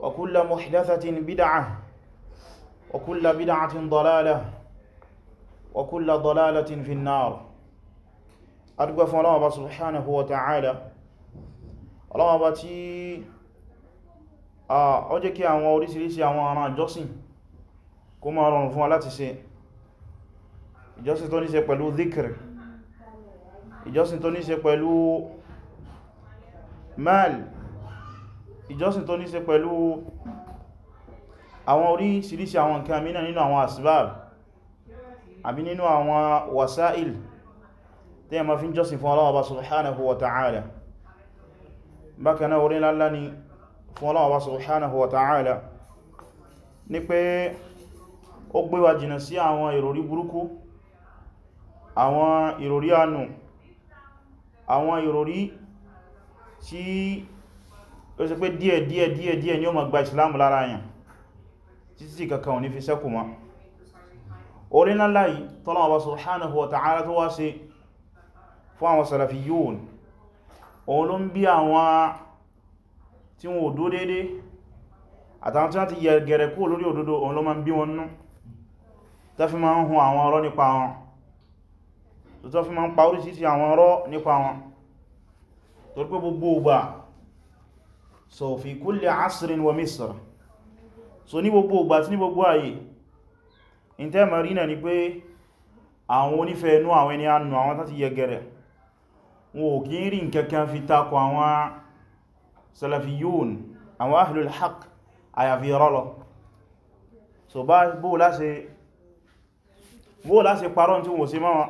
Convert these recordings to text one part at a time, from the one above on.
وكل محدثة بدعة وكل بدعة ضلالة وكل ضلالة في النار أدقى فالله سبحانه وتعالى الله باتي ọjẹ́ kí àwọn orísìírísìí àwọn ará ìjọsìn kó máa rọrùn fún wa láti ṣe ìjọsìn tó ní ṣe pẹ̀lú dhikr ìjọsìn tó ní ṣe pẹ̀lú mal ìjọsìn tó ní ṣe pẹ̀lú àwọn oríṣìíríṣìí àwọn nǹkan mìíràn nínú àwọn asbab àbí nínú àwọn wasail tí a ma fi ń jọsìn fún Ọlọ́hun Ọba subhanahu wa ta'ala bákan náà orin lálá ni fún Ọlọ́hun Ọba subhanahu wa ta'ala ní pé ó gbé wa jìnà sí àwọn ìròrí burúkú àwọn ìròrí ànú àwọn ìròrí ló ṣe pé díẹ̀ díẹ̀ díẹ̀ díẹ̀ ni ó ma gba Islam lára yàn títí kankan ò ní fi sẹ́kù ma orí lálá yìí tọ́lọ́wọ́ subhanahu wa ta'ala tó wá sí fún àwọn salafiyun òun ló ń bí àwọn tí wọ́n ò dó dédé àtàwọn tí wọ́n ti yẹ gẹ̀rẹ̀ kú lórí òdodo òun ló ma ń bí wọn nú tó fi ma ń hun àwọn ọ̀rọ̀ nípa wọn tó fi ma ń pa orísìí àwọn ọ̀rọ̀ nípa wọn torípé gbogbo ògbà so fi kulli asrin wa misra so ní gbogbo ìgbà tí ní gbogbo ayé in tẹ́ marina ni pé àwọn onífẹ́ inú àwọn ẹni anù àwọn tàti yẹgẹrẹ wọn ò kí ń rí nkankan fi takọ àwọn salafiyun àwọn ahlul haq àyàfi rọlọ so bá bó láṣe parọ́ tí wọ́n ṣe máa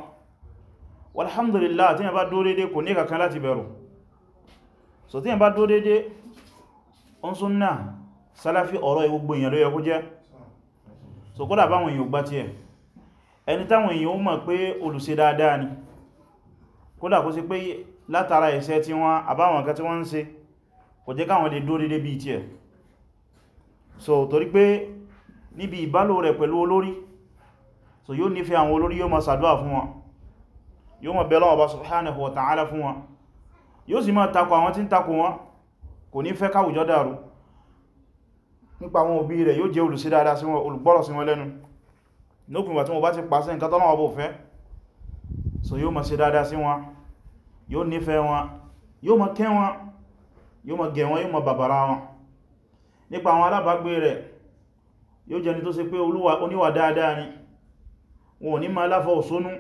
walhamdulillah tí yẹn bá dó dédé kò ní kankan láti bẹ̀rù so tí yẹn bá ó ń súnnà sálàfí ọ̀rọ̀ ìgbogbo èèyàn ló yẹ jẹ́ so kódà báwọn èèyàn gbá tí ẹ̀ ẹni táwọn èèyàn ó mọ̀ pé olùṣe dáadáa ni kódà kó sí pé látara iṣẹ́ tí wọ́n àbáwọn nǹkan tí wọ́n ń ṣe kò jẹ́ káwọn lè dúró dédé bí tí ẹ̀ so torí pé níbi ìbálò rẹ̀ pẹ̀lú olórí so yóò nífẹ̀ẹ́ àwọn olórí yóò máa ṣàdúà fún wọn yóò máa bẹ Ọlọ́run Ọba subhanahu wa ta'ala fún wọn yóò sì máa takò àwọn tí ń takò wọn kò ní fẹ́ káwùjọ dàrú nípa àwọn òbí rẹ̀ yóò jẹ́ olùsí dáadáa sí wọn olùgbọ́rọ̀ sí wọn lẹ́nu lópin ìgbà tí wọ́n bá ti pàṣẹ nǹkan tọ́lọ́wọ́ bò fẹ́ so yóò máa ṣe dáadáa sí wọn yóò nífẹ̀ẹ́ wọn yóò máa kẹ́ wọn yóò máa gẹ̀ wọn yóò máa bàbàrà wọn nípa àwọn alábàágbé rẹ̀ yóò jẹni tó ṣe pé oníwà dáadáa ni wọn ò ní máa láfọ́ òsónú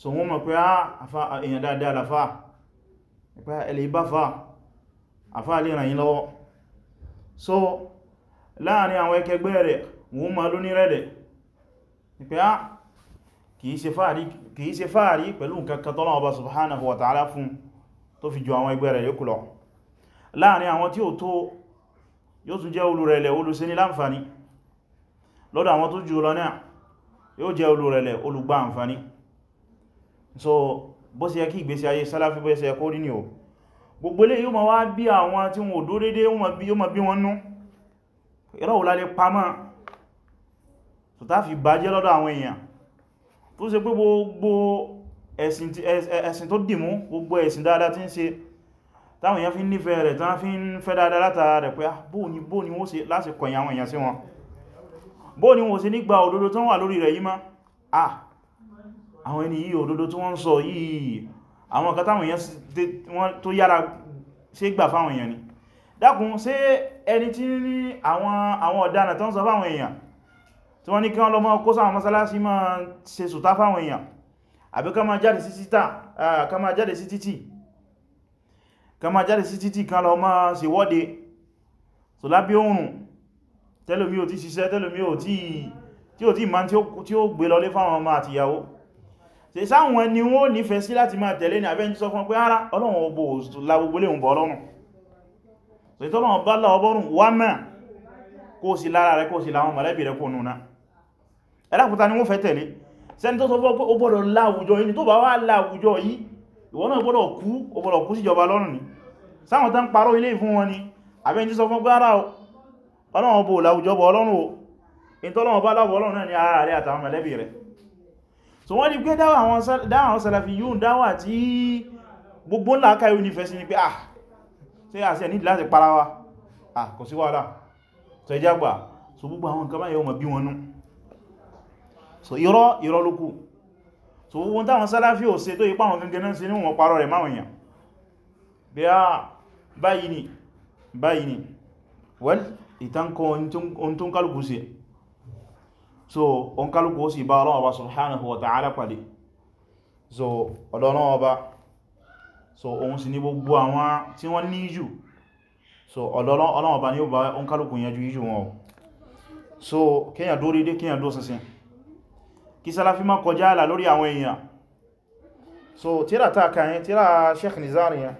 so wọ́n mọ̀ pé á èèyàn dáadáa làfà ẹ̀lẹ́ ìbáfà àfáà lè ràn yí lọ́wọ́ so láàrin àwọn ẹkẹgbẹ́ rẹ̀ wọ́n ma ló ní rẹ̀dẹ̀ pé á ah, kìí ṣe fàárí pẹ̀lú nǹkankan tọ́lọ́ ọba subhanahu wa ta'ala fún tó fi ju àwọn ẹgbẹ́ rẹ̀ yókù lọ láàrin àwọn tí ó tó yóò tún jẹ́ olùrẹ̀lẹ̀ olùsíní láǹfàní lọ́dọ̀ àwọn tó jù lọ yóò jẹ́ olùrẹ̀lẹ̀ olùgbà àǹfàní so bó ṣe yẹ kí ìgbésí ayé sálàfí bó ṣe yẹ rí ní o gbogbo ilé yíò ma wá bí àwọn tí wọn dó dédé yíò ma bí wọn nú ìrọ̀ òlà lè pamọ́ tó tá fi bàjẹ́ lọ́dọ̀ àwọn èèyàn tó ṣe pé gbogbo ẹ̀sìn tó dìmú gbogbo ẹ̀sìn dáadáa tí ń ṣe táwọn èèyàn fi ń nífẹ̀ẹ́ rẹ̀ tán fi ń fẹ́ dáadáa látara rẹ̀ pé ah, àwọn kan táwọn èèyàn tó yára ṣe gbà fáwọn èèyàn ni dákun ṣé ẹni tí ní àwọn ọ̀daràn tó ń sọ fáwọn èèyàn tí wọ́n ní kí wọ́n lọ mọ́ kó sáwọn mọ́sálásí máa ṣe sùtá fáwọn èèyàn àbí ká máa jáde sí títà ká máa jáde sí títì ká máa jáde sí títì kan lọ máa ṣe sáwọn ni wọ́n nífẹ̀ẹ́ sí láti máa tẹ̀lé ní abẹ́ntí sọ fún pé ara ọlọ́run ọgbò lágbogbolé ń bọ̀ ọlọ́run so ìtọ́lọ́run bá láwọ́ bọ́rùn wá mẹ́ kó sí lára rẹ kó sí láwọn mọ̀lẹ́bí rẹ kó núna ẹlápùta ni wọ́n fẹ́ tẹ̀lé sẹ́ni tó sọ fún ó gbọ́dọ̀ láwùjọ yìí tó bá wá láwùjọ yìí ìwọ náà gbọ́dọ̀ kú ó gbọ́dọ̀ kú síjọba lọ́rùn ni sáwọn tán parọ́ ilé fún wọn ni abẹ́ntí sọ fún pé ara ọlọ́run ọbọ̀ láwùjọ bọ̀ ọlọ́run o ìtọ́lọ́run bá láwọ̀ ọlọ́run náà ni ara rẹ àtàwọn mọ̀lẹ́bí rẹ̀ so wọ́n ní pé dáwà àwọn sàlàfí yíò dáwà tí gbogbo ńlá káyò ní fẹ́sí ni pé ah tí a sí ẹ̀ nídìí láti para ah kò sí wàhálà so ẹjá gbà so gbogbo àwọn nǹkan báyẹ̀ ọmọ bí wọn nú so irọ́ irọ́ lókù so gbogbo táwọn sàlàfí ò ṣe tó ipá àwọn gangan náà sí ní wọn parọ́ rẹ̀ máwọn èèyàn ah, ni báyìí ni well ìtànkọ ohun tó ń kálùkù sí so on kálùkù ó sì bá Ọlọ́run Ọba subhanahu wa ta'ala pàdé so Ọlọ́run Ọba so òun sì ní gbogbo àwọn tí wọ́n ní jù so Ọlọ́run Ọba ní ó bá on kálùkù yanjú ìjù wọn o so kíyàn do dédé kíyàn dó sinsin kí Salafi má kọjá àlà lórí àwọn èèyàn so tíra ta kàyẹn tíra Sheikh Nizari yẹn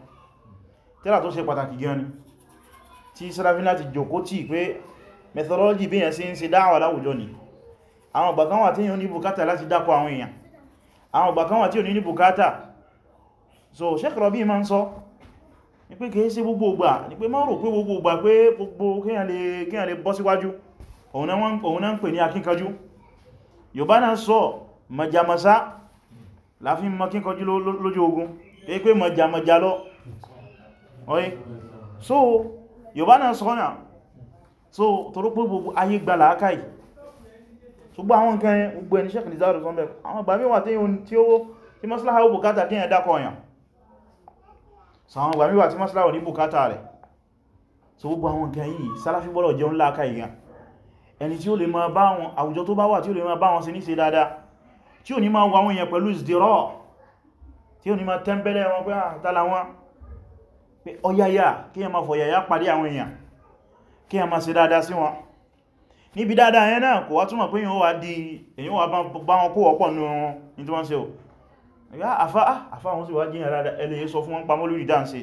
tíra tó ṣe pàtàkì gan ni tí Salafi láti jòkó tí pé methodology bí yẹn sí ń ṣe dáwà láwùjọ ni àwọn ìgbà kan wà tí yíò ní bùkátà láti dákọ àwọn èèyàn àwọn ìgbà wà tí yíò ní bùkátà so Sheikh Rabi ma ń sọ ní pé kìí sí gbogbo ìgbà ní pé máa rò pé gbogbo ìgbà pé gbogbo kíyàn lè bọ́ síwájú òun náà ń pè ní akínkanjú Yorùbá náà sọ mọ̀jàmọ̀sá láfí mọ́ kínkanjú lójú ogun kìí so Yorùbá náà sọ náà so torópé ṣùgbọ́n àwọn nǹkan yẹn gbogbo ẹni sẹ́kì nìzáàrù sọ́mbẹ̀ àwọn ìgbà míwà tí ó tí maslaha ó bùkátà kí ẹ̀ dákọ̀ ọ̀yàn so àwọn ìgbà míwà tí maslaha ò ní bùkátà rẹ̀ so gbogbo àwọn nǹkan yìí sálàfí gbọ́dọ̀ jẹun láàká èèyàn ẹni tí ó lè máa bá wọn àwùjọ tó bá wà tí ó lè máa bá wọn ṣe níṣe dáadáa tí ò ní máa wà wọn yẹn pẹ̀lú ìsìdírọ́ tí ò ní máa tẹ́m̀bẹ̀lẹ̀ wọn pé àtàlà ah, wọn pé ọyáyà kí ẹ máa fọ̀yàyà pàdé àwọn èèyàn kí ẹ máa ṣe dáadáa sí wọn níbi dáadáa yẹn náà kò wá túnmọ̀ pé yíò wá di èyàn wà bá wọn kó ọ̀pọ̀ ní wọn ní tó wọ́n ṣe ò yá àfá ah, àfá wọn sì wá jíyàn rádá ẹlẹ́yẹ sọ fún wọn pa mọ́lúdì dáǹsẹ̀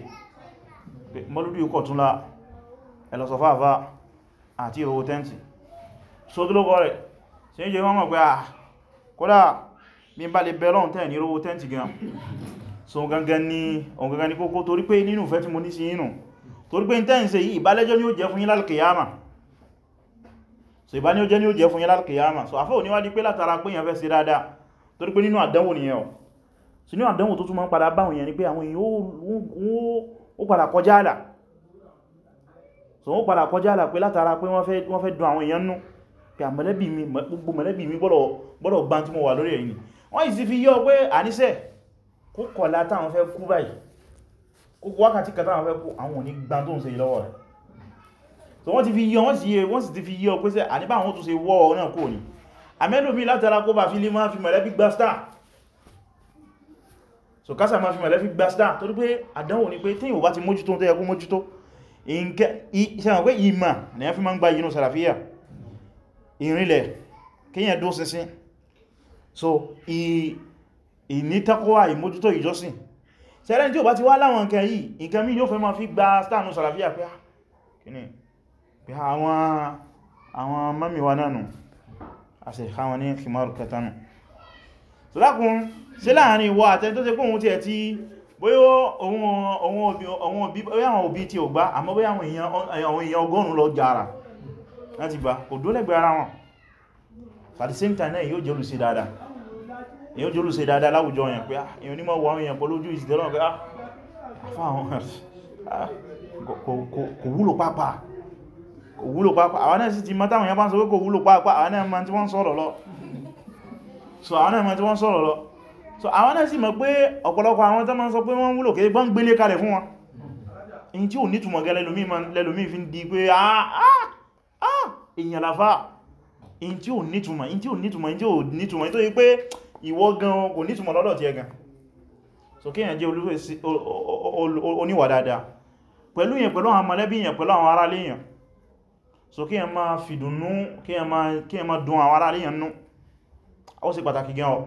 mọ́lúdì ikọ̀ tún la ẹlọ́sọ̀fá àfá àti ìrọwọ tẹ́ǹtì so tó lókọ rẹ̀ sí jẹ́ wọ́n mọ̀ pé à ah, kódà mi bá lè bẹ̀rọ̀ tẹ́ ni ọ̀gangan ni kókó torí pé nínú ìfẹ́ tí mo ní sí inú torí pé tẹ́ǹsẹ̀ yìí ìbálẹ́jọ́ ni ó jẹ́ fún yín so ìbá ní ó jẹ́ ní ó jẹ́ fún yẹn lálkìyàmà so àfẹ́ òníwá di pé látara pé yẹn fẹ́ sí dáadáa torí pé nínú àdánwò nìyẹn o so nínú àdánwò tó tún máa ń padà báwọn yẹn ni pé àwọn èèyàn ó padà kọjá àlà so wọ́n padà kọjá àlà pé látara pé wọ́n fẹ́ dùn àwọn èèyàn nú pé àmọ̀lẹ́bí mi mo wà lórí ẹ̀yìn wọ́n ìsì fi yọ pé àníṣẹ́ kó kọ̀lá táwọn fẹ́ kú báyìí kó wákàtí kàtàwọn fẹ́ àwọn ò ní gbá tó ń ṣe lọ́wọ́ rẹ̀ so wọ́n ti fi yọ wọ́n sì yẹ wọ́n sì ti fi yọ pé sẹ́ àníbà àwọn tó ṣe wọ́ ọ náà kò ní àmẹ́lòmí látara kó bá fi lè máa fi mọ̀lẹ́bí gba star so kásà máa fi mọ̀lẹ́bí gba star torí pé àdánwò ni pé tíyìn ò bá ti mójútó tó yẹ kó mójútó ìṣẹ́wọ̀n pé ìmà ni a fi máa ń gba yínú sàràfíà ìrìnlẹ̀ kíyàn dó sínsín so ìnítakọ́wà ìmójútó ìjọsìn sẹ́rẹ́ tí ò bá ti wá láwọn nǹkan yìí nǹkan mí yóò fẹ́ máa fi gba star nù sàràfíà pé ah, kíni pé àwọn àwọn mọ́míwa náà nù àṣẹ̀ká wọn ní kìmọ̀rù kẹta nù so lákùn sí láàrin ìwọ àtẹ́ tó ṣe pé òun ti ẹ̀ ti bóyá àwọn òbí tí ò gbá àmọ́ bóyá àwọn èèyàn ọgọ́rùn lọ jàrà láti gbá kò dólẹ́gbẹ̀ ara wọn at the same time náà yóò jẹ́ olùṣe dáadáa èyí ó jẹ́ olùṣe dáadáa láwùjọ yẹn pé ah, èyàn ní mọ́ wọ àwọn èèyàn pọ̀ lójú ìsìdẹ́lọ́gbẹ̀ kò wúlò pápá àwọn náà sì ti mọ́ táwọn èèyàn ń sọ pé kò wúlò pápá àwọn náà tí wọ́n sọ̀rọ̀ lọ so àwọn náà tí wọ́n sọ̀rọ̀ lọ so àwọn náà sì mọ̀ pé ọ̀pọ̀lọpọ̀ àwọn tó máa ń sọ pé wọ́n wúlò kéé gbélé kalẹ̀ fún wọn in tí ò ní túnmọ̀ gẹ́ lẹ́lòmí fi ń di pé èèyàn làfà in tí pẹ̀lú yẹn pẹ̀lú àwọn mọ̀lẹ́bí yẹn pẹ̀lú àwọn aráléyàn so kí ẹ ma fi dùnnú kí ẹ ma dùn àwọn ará ríyàn nú ó sì pàtàkì gan ọ̀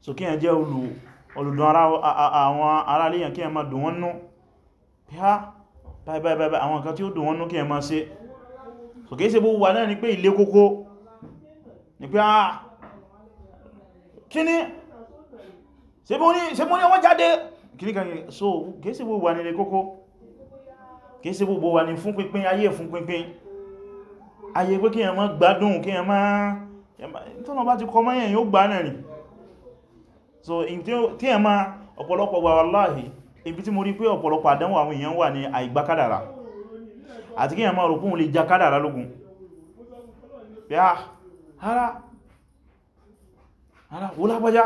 so kí ẹ jẹ́ olùdùn àwọn ará ríyàn kí ẹ ma dùn wọn nú pí á báibáibáibá àwọn kan tí ó dùn wọn nú kí ẹ ma ṣe so kí ẹ ṣe bó wà náà ni pé ilé kókó ni pé ah kí ni ṣe bó ní ọwọ́ jáde kí ní kan so kí ẹ ṣe bó kìí ṣe gbogbo wa ni fún pínpín ayé fún pínpín ayé pé kíyàn má gbádùn kíyàn má tọ́nà bá ti kọ mọ́ èyàn yóò gbá náà ni so tíyàn má ọ̀pọ̀lọpọ̀ wà wallahi ibi tí mo rí pé ọ̀pọ̀lọpọ̀ àdánwò àwọn èèyàn wà ní àìgbà kádàrà àti kíyàn má rògbóhun lè já kádàrà lógun pé ah ara ara wó lágbájá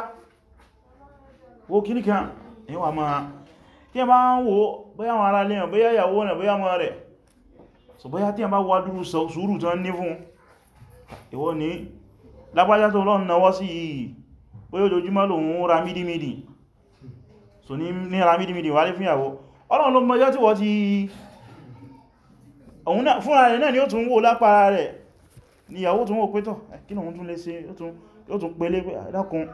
wó kíníkan èyàn wà máa tí ẹ bá ń wo bóyá àwọn ará léyàn bóyá ìyàwó rẹ̀ bóyá ọmọ rẹ̀ so bóyá tí a bá wá dúró sùúrù tán ní fún ìwọ ní lágbájá tó lọ́nà náwọ́ sí yìí bóyá ojoojúmọ́ lòun ra mídímídì so ní ra mídímídì wálé fún ìyàwó ọlọ́run ló mọjọ́ tí wọ́n ti fúnra rẹ̀ náà ni ó tún wó lápára rẹ̀ ni ìyàwó tún wó pétọ̀ kí lòun tún lè ṣe ó tún pélé dákun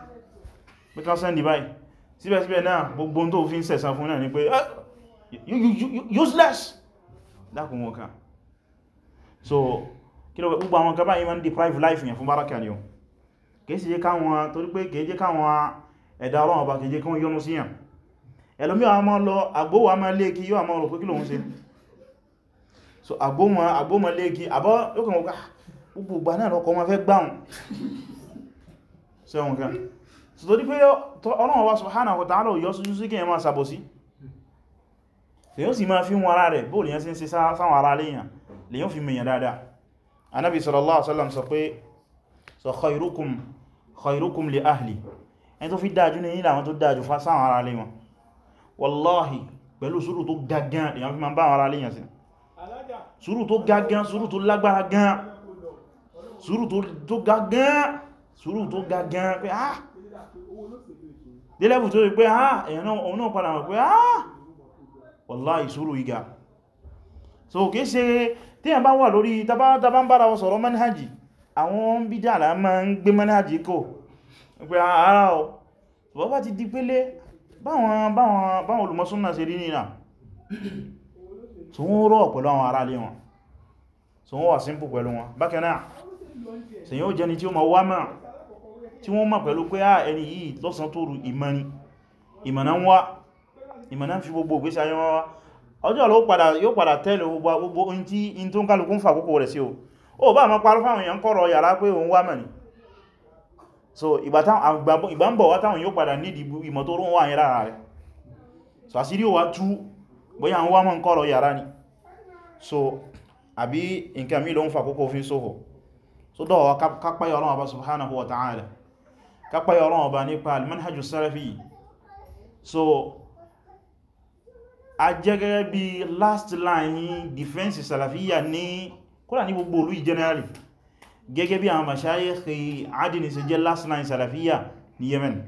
pé ká sẹ́ndì báyìí síbẹ̀síbẹ̀ náà gbogbo tó fi ń sẹ̀san fún náà ni pé You useless dákùn wọn kan so kí lọ gbogbo àwọn kaba yìí ma ń deprive life yẹn fún báraka ni o kìí sí jẹ́ káwọn torí pé kìí jẹ́ káwọn ẹ̀dà ọlọ́wọ́ bá kìí jẹ́ káwọn yọnu síyàn ẹlòmí àwọn ọmọ lọ àgbówò a máa léèkì yóò àmọ́ ọ̀rọ̀ pé kí lòun ṣe so àgbómọ léèkì àbọ́ yóò kàn wọ́n ah, gbogbo ìgbà náà lọ́kọ̀ wọn fẹ́ gbáhùn sẹ́wọ̀n kan so torí pé ọlọ́wọ́ subhanahu wa lèyàn sì máa fi wọn ara rẹ̀ bóòlù yẹn sí ń ṣe sáwọn ara léyàn lèyàn fi mìyàn dáadáa anábi sallallahu alaihi wasallam sọ pé sọ khairukum khairukum li ahli ẹni tó fi dájú ní ilẹ̀ àwọn tó dájú fún sáwọn ara léyàn wallahi pẹ̀lú sùúrù tó gagan lèyàn fi máa bá ara léyàn sí sùúrù tó gagan sùúrù tó lágbára gan sùúrù wallahi sùúrù iga so kìí ṣe tí ẹ̀ bá wà lórí tàbá ń bára wọn sọ̀rọ̀ manhaji àwọn bídá àlá ma ń gbé manhaji kò pé ara ọ bọ́ bá ti di pélé báwọn olùmọ́súnnà ṣe rí nìyà so wọ́n rọ̀ pẹ̀lú àwọn ará lé wọn so wọ́n wà simple pẹ̀lú ìmọ̀ná fi gbogbo ògbésí ayé wọn wá ọjọ́ ló padà yóò padà tẹ́lẹ̀ gbogbo ohun tí in tó ń kálukú ń fà kókò rẹ̀ sí o ó bá mọ́ parọ́ fáwọn èèyàn kọ́rọ̀ yàrá pé òun wá mẹ́ni so ìgbà ń bọ̀ wá táwọn yóò padà nídi ìmọ̀ tó rún wà yẹn lára rẹ̀ so àṣírí ò wá tú bóyá ń wá mọ́ kọ́rọ̀ yàrá ni so àbí nǹkan mí ló ń fà kókò fi sófò so dọ́wọ́ kápáyọ̀ ọlọ́wọ́ bá subhanahu wa ta'ala so a jẹ́ gẹ́gẹ́ bí last line defense Salafiya, ní kódà ní gbogbo olú generally gẹ́gẹ́ bí àwọn mashayikh adini ṣe jẹ́ last line Salafiya ní Yemen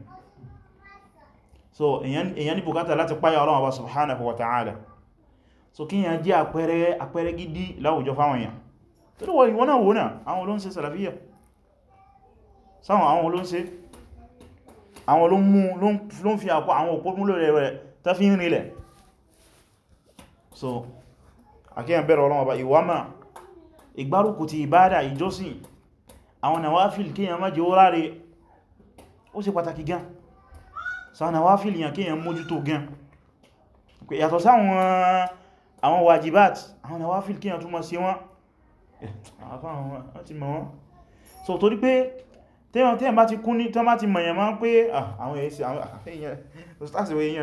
so èyàn ní bùkátà láti páyà Ọlọ́run Ọba subhanahu wa ta'ala so kí yàn jẹ́ àpẹẹrẹ àpẹẹrẹ gidi láwùjọ fáwọn èèyàn tó lè wọ́n náà wọ́n náà àwọn olóńṣe sàlàfíyà sáwọn àwọn fi àpá àwọn òpópúlò rẹ̀ tá fi ń so akíyàn bẹ̀rẹ̀ ọlọ́wọ́ bá ìwámà ìgbárùkù ti ìbádà ìjọsìn àwọn nawafil kíyàn má jẹ́ ó ráre ó ṣe pàtàkì gan sáwọn nawafil yàn kíyàn mójútó gan yàtọ̀ sáwọn àwọn wajibat àwọn nawafil kíyàn túnmọ̀ sí wọn so torí pé tẹ́yàn bá ti kún ní tán bá ti mọ̀yàn ah, máa ń pé àwọn èyí sí àwọn èyí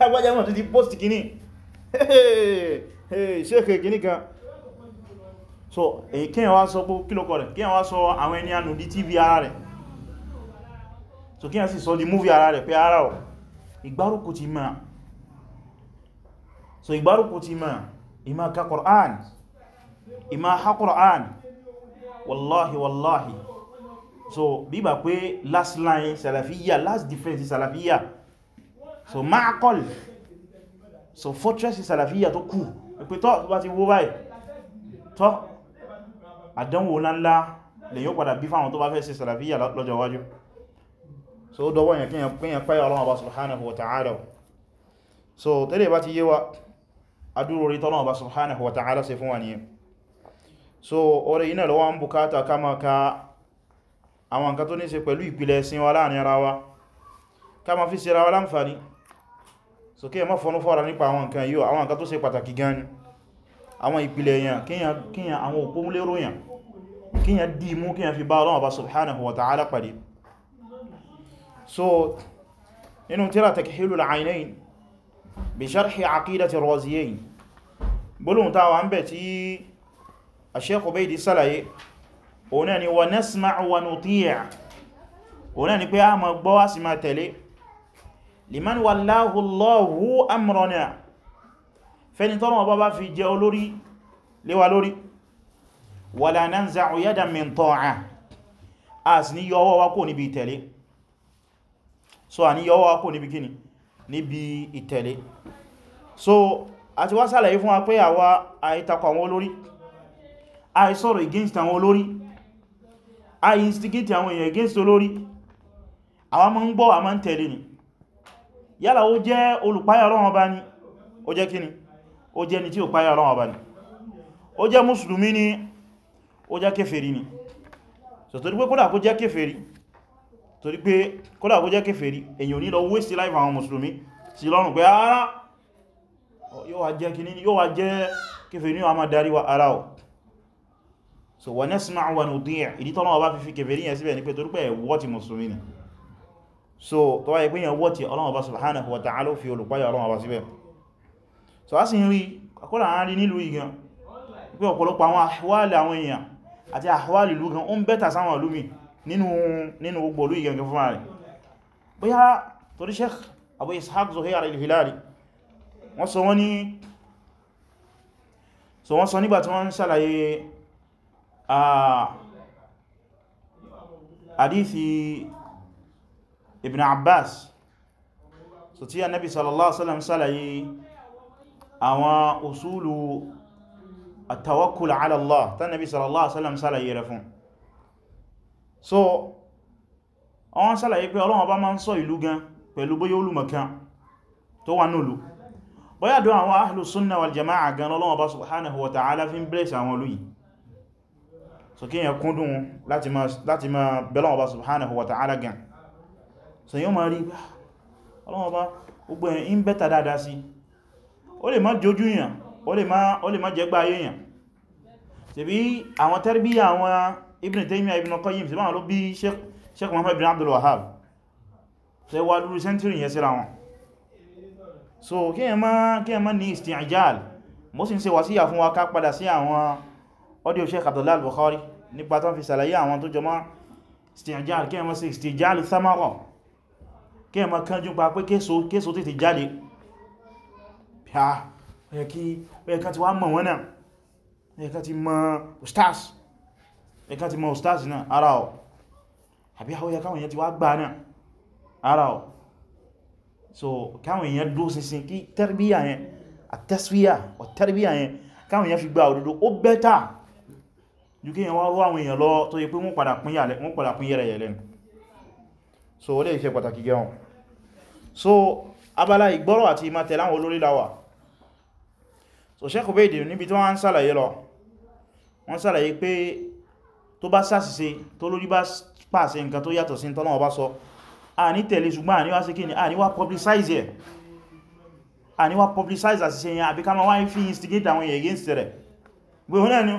lágbàjá náà tó ti post kìíní ṣéèkè kìíní kan so èyí kí wá sọ pé kí ló kọ̀ rẹ̀ kí wá sọ àwọn ẹni ànù di tv ara rẹ̀ so kí wá sì sọ di movie ara rẹ̀ pé ara ọ̀ ìgbárùkù ti máa so ìgbárùkù ti máa ìmá ka Qur'an ìmá ha Qur'an wallahi wallahi so bíbà pé last line salafiyya last defense salafiyya so maakol so fortress salafiya tó kù pé tọ́ tó bá ti wó báyìí tọ́ àdánwò lánlá lèyìn ó padà bí fáwọn tó bá fẹ́ ṣe salafiya lọ́jọ́ wájú so ó dọwọ́ yẹn kíyàn pẹ́ Ọlọ́run Ọba subhanahu wa ta'ala so tẹ́lẹ̀ bá ti yé wa adúrò rí tọ́lọ́run Ọba subhanahu wa ta'ala ṣe fún wa nìyẹn so ọ̀rẹ́ iná lọ́wọ́ ń bukata kama ka àwọn nǹkan tó ní ṣe pẹ̀lú ìpìlẹ̀ ẹ̀sìn wa láàrin ara wa kama fi ṣe ra wa láǹfàní so kí ẹ má fọnú fọ́ra nípa àwọn nǹkan yíò àwọn nǹkan tó ṣe pàtàkì gan ni àwọn ìpìlẹ̀ èyàn kíyàn àwọn òpó lérò yàn kíyàn dì mú kíyàn fi bá Ọlọ́run Ọba subhanahu wa ta'ala pàdé so inú tíra Takhilul Aynayn bi sharhi liman wallahu Allahu amrana fẹ́ni tọ́rọ ọba bá fi jẹ olórí léwa lórí wala nanza'u yadan min ta'ah a sì ní yọwọ́ wá kò níbi ìtẹ̀lé so a ní yọwọ́ wá kò níbi kíni níbi ìtẹ̀lé so a ti wá sàlàyé fún wa pé àwa àìtakọ̀ àwọn olórí against àwọn olórí àìinstigate àwọn against olórí àwa máa ń gbọ́ yálà ó jẹ́ olùpáyà Ọlọ́run ọba ni ó jẹ́ kíni ó jẹ́ ni tí ó páyà Ọlọ́run ọba ni ó jẹ́ mùsùlùmí ni ó jẹ́ kèfèrí ni so torí pé kódà kó jẹ́ kèfèrí torí pé kódà kó jẹ́ kèfèrí èyàn ní lọ waste life àwọn mùsùlùmí sí lọ́rùn pé ara yóò wá jẹ́ kíní wa ara so wa nasma'u wa nuti'u ìdí tọ́lọ́wọ́ bá fi fi kèfèrí yẹn síbẹ̀ ní pé torí ti mùsùlùmí ni so tó wáyé pé yàn wọ́tí Ọlọ́run Ọba subhanahu wa ta'ala fi olùpáyà Ọlọ́run síbẹ̀ so a sì ń rí akọ́lá àwọn rí nílùú igan pé ọ̀pọ̀lọpọ̀ àwọn àwálì àwọn èèyàn àti àwálì ìlú gan ó ń bẹ́ta sáwọn olúmi nínú gbogbo olú igan gan fúnra rẹ̀ bóyá torí Sheikh Abu Ishaq Zuhair al-Hilali wọ́n ibn abbas so tí annabi sallallahu alaihi wasallam ṣàlàyé àwọn usulu at-tawakkul ala Allah tí annabi sallallahu alaihi wasallam ṣàlàyé rẹ̀ fún so àwọn ṣàlàyé pé Ọlọ́run bá máa ń ṣọ́ ìlú gan pẹ̀lú bóyá olùmọ̀kan tó wà nílùú bóyá dùn àwọn ahlu sunna wal jama'a gan Ọlọ́run bá subhanahu wa ta'ala fi ń bless àwọn olú yìí so kíyàn kúndùn láti máa bẹ́lọ́wọ́ bá subhanahu wa ta'ala gan so yíò ma rí pé ah, ọlọ́wọ́ bá gbogbo ẹ̀yìn ń bẹ́ta dáadáa sí ó lè má jójú èèyàn ó lè má jẹgbà èèyàn tẹ̀bí àwọn tẹ́rìbí àwọn Ibn Taymiyyah Ibn Qayyim sí máa ló bí Sheikh Muhammad bin Abdul Wahab. so wà lúrú sẹ́ntìrì yẹn síra wọn so kíyàn má ní isti'jal mo sì ń ṣe wàsíyà fún wa ká padà sí àwọn ọdíò Sheikh Abdullah al nípa tán fi sàlàyé àwọn tó jọmọ́ isti'jal kíyàn má sí isti'jal thamara kí ẹ má kánjú pa pé késo késo tètè jáde pẹ̀á ah, ẹ̀kan ti wá mọ̀ wọ́n náà ẹ̀kan ti mọ̀ ustaz ẹ̀kan ti mọ̀ ustaz náà ara ọ̀ àbí àwọn ẹ̀kan wọ̀nyẹ ti wá gbà náà ara ọ̀ so káwọn èèyàn dó sinsin kí tẹ́rbíyà yẹn àtẹ́síyà ọ̀ tẹ́rbíyà yẹn káwọn èèyàn fi gba òdodo ó bẹ́tà ju kí èèyàn wá rú àwọn èèyàn lọ tó yẹ pé wọ́n padà pín yẹ̀rẹ̀yẹ̀lẹ́nu so ó lè ṣe pàtàkì gẹ́wọ̀n so abala ìgbọ́rọ̀ àti ìmá tẹ̀lé àwọn olórí láwà so Sheikh Ubayd níbi tó wọ́n sàlàyé lọ wọ́n sàlàyé pé tó bá ṣàṣìṣe tó lórí bá pàṣẹ nǹkan tó yàtọ̀ sí tọ́lọ́wọ́ bá sọ a ní tẹ̀lé ṣùgbọ́n àníwá a kíni àníwá publicize ẹ̀ àníwá publicize àṣìṣe yẹn àbíká ma wáyé fi instigate àwọn èèyàn against rẹ̀ gbogbo náà ni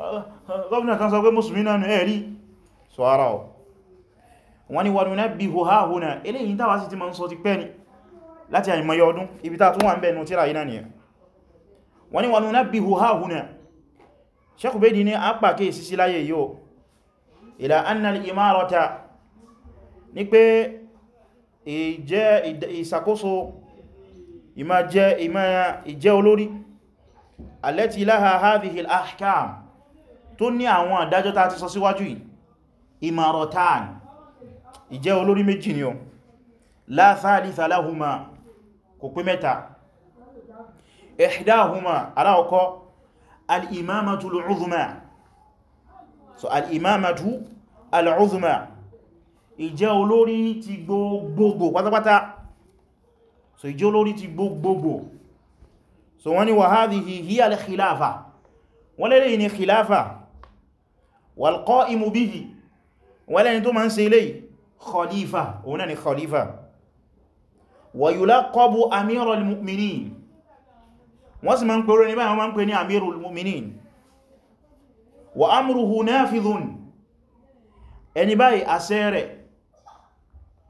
gọ́ọ̀nà kan sọ pé mùsùlùmí náà ẹ̀rí sọ ara ọ̀ wọ́n ni wọ́n náà bí hù ha hù náà eléyìn tàwà sí ti ma ń sọ ti pẹ́ ni láti àìmọye ọdún ibi tàà tún wà ń bẹ̀ẹ̀nù tíra iná nìyà wọ́n ni wọ́n náà bí hù ha hù náà sẹ́kùbédì ní àpàkè sísí láyé yóò ìlà annal imarata ní pé ìjẹ́ ìsàkóso ìjẹ́ olórí alẹ́tí láha hadhihi al-ahkam tó ní àwọn àdájọ́ ti sọ síwájú ìmaratan ìjẹ́ olórí méjì ni o la thalitha lahuma kò pé mẹ́ta ihdahuma aláwọ̀kọ́ al'imamatu al'uzma so al'imamatu al'uzma ìjẹ́ olórí ti gbogbogbò pátápátá so ìjẹ́ olórí ti gbogbogbò so wọ́n ni wa hadhihi hiya al-khilafa wọ́n lẹ́lẹ́ ni khilafa wal qa'imu bihi wọ́n lẹ́ni tó ma ń ṣe khalifa òun náà ni khalifa wa yulaqabu amirul mu'minin wọ́n sì máa ń pèrò ní báyìí wọ́n máa ń pè ní amirul mu'minin wa amruhu nafidhun ẹni báyìí àṣẹ rẹ̀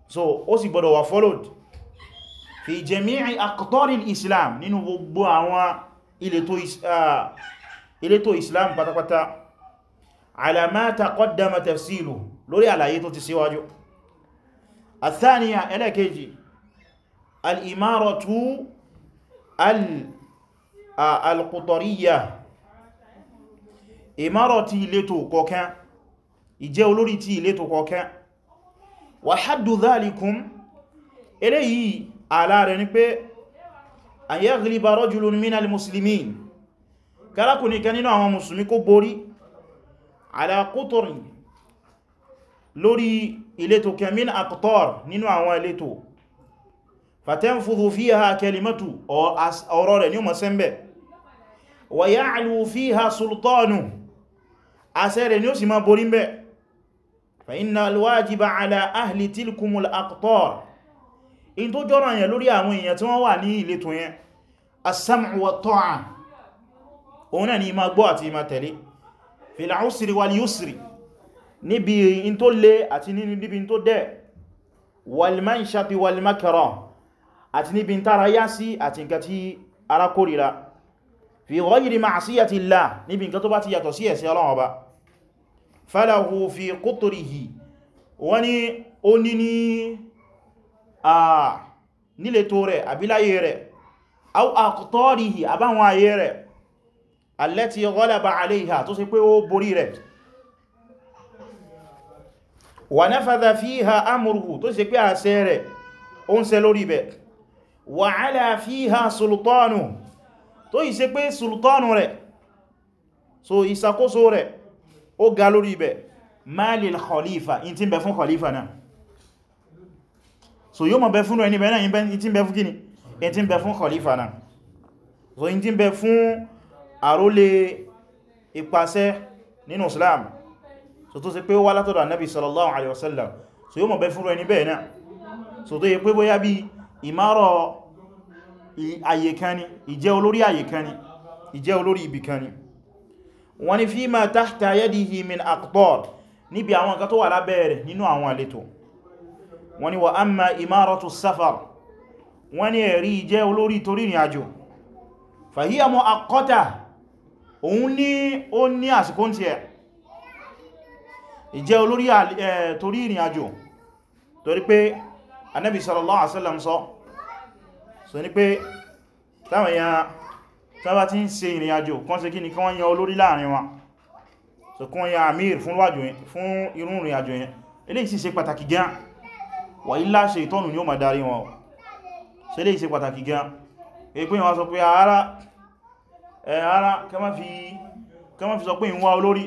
so ó sì gbọdọ̀ wà followed fi jami'i aqtaril islam nínú gbogbo àwọn ìletò islam pátápátá alamata qaddama tafsilu lórí àlàyé tó ti síwájú àtàníyà ẹlẹ́kejì al'imaratu al'alkutoriya ìmárọ̀ ti ìletò kọ̀ọ̀kan ìjẹ́ olórí ti ìletò kọ̀ọ̀kan wà haddu dhalikum eléyìí àlàrẹ̀ ni pé an yaghliba rajulun minal muslimin kárakùnrin kan nínú àwọn musulmi kó borí ala qutri lórí ìletò kẹmin aktor nínú àwọn ìletò fatanfudhu fiha kalimatu ọ̀rọ̀ rẹ̀ ní ọmọ sẹ́mbẹ̀ wa ya'lu fiha sultanu àṣẹ rẹ̀ ni ó sì máa borí mẹ́ fa inna alwajiba ala ahli tilkumul aktor in tó jọ́rọ̀ yẹn lórí àwọn èèyàn tí wọ́n wà ní ìletò yẹn as-sam'u níbi in tó lé àti níbi tó dẹ̀ walmanshati walmakara àti níbi tara yá sí àti nǹkan tí ara kórìíra fi ghayri ma'siyatillah níbi nǹkan tó bá ti yàtọ̀ sí ẹ̀sẹ̀ Ọlọ́run Ọba falahu fi qutrihi wọ́n ni ó ní ní à níletò rẹ̀ àbíláyé tó ṣe pé ó borí rẹ̀ wa nafadha fiha amruhu tó ṣe pé àṣẹ rẹ̀ ó ń ṣẹ lórí bẹ̀ wa ala fiha sultanu tó yí ṣe pé sultanu rẹ̀ so ìṣàkóso rẹ̀ ó ga lórí bẹ̀ ma lil khalifa in ti bẹ fún khalifa náà so yóò mọ̀ bẹ fún ẹni bẹ̀ náà in ti bẹ fún kíni in ti bẹ fún khalifa náà so in ti bẹ fún àrólé ìpàṣẹ nínú Islam so tó ṣe pé ó wá látọ̀dọ̀ annabi sallallahu alaihi wasallam so yóò mọ̀ bẹ́ fúnrọ ẹni bẹ́ẹ̀ náà so tó yẹ pé bóyá bí ìmárọ̀ àyè kan ni ìjẹ́ olórí àyè kan ni ìjẹ́ olórí ibì kan ni wọ́n ni fi ma tahta yadihi min aqtar níbi àwọn nǹkan tó wà lábẹ́ nínú àwọn àletò wọ́n ni wa amma imaratu safar wọ́n ni ẹ̀rí ìjẹ́ olórí torí ìrìn àjò fahiya muaqqata òun ní ó ní àsìkò tí ẹ̀ ìjẹ́ olórí torí ìrìn àjò torí pé anábi sallallahu alaihi wasallam sọ so ní pé táwọn èèyàn tábà tí ń ṣe ìrìn àjò kan ṣe kí ni kí wọ́n yan olórí láàrin wa so kí wọ́n yan amir fún irú ìrìn àjò yẹn eléyìí sì ṣe pàtàkì gan wà ilá ṣe ìtọ́nù ni ó ma darí wọn so eléyìí ṣe pàtàkì gan èyí pé wọ́n sọ pé ara kẹ́ má fi sọ pé ìwá olórí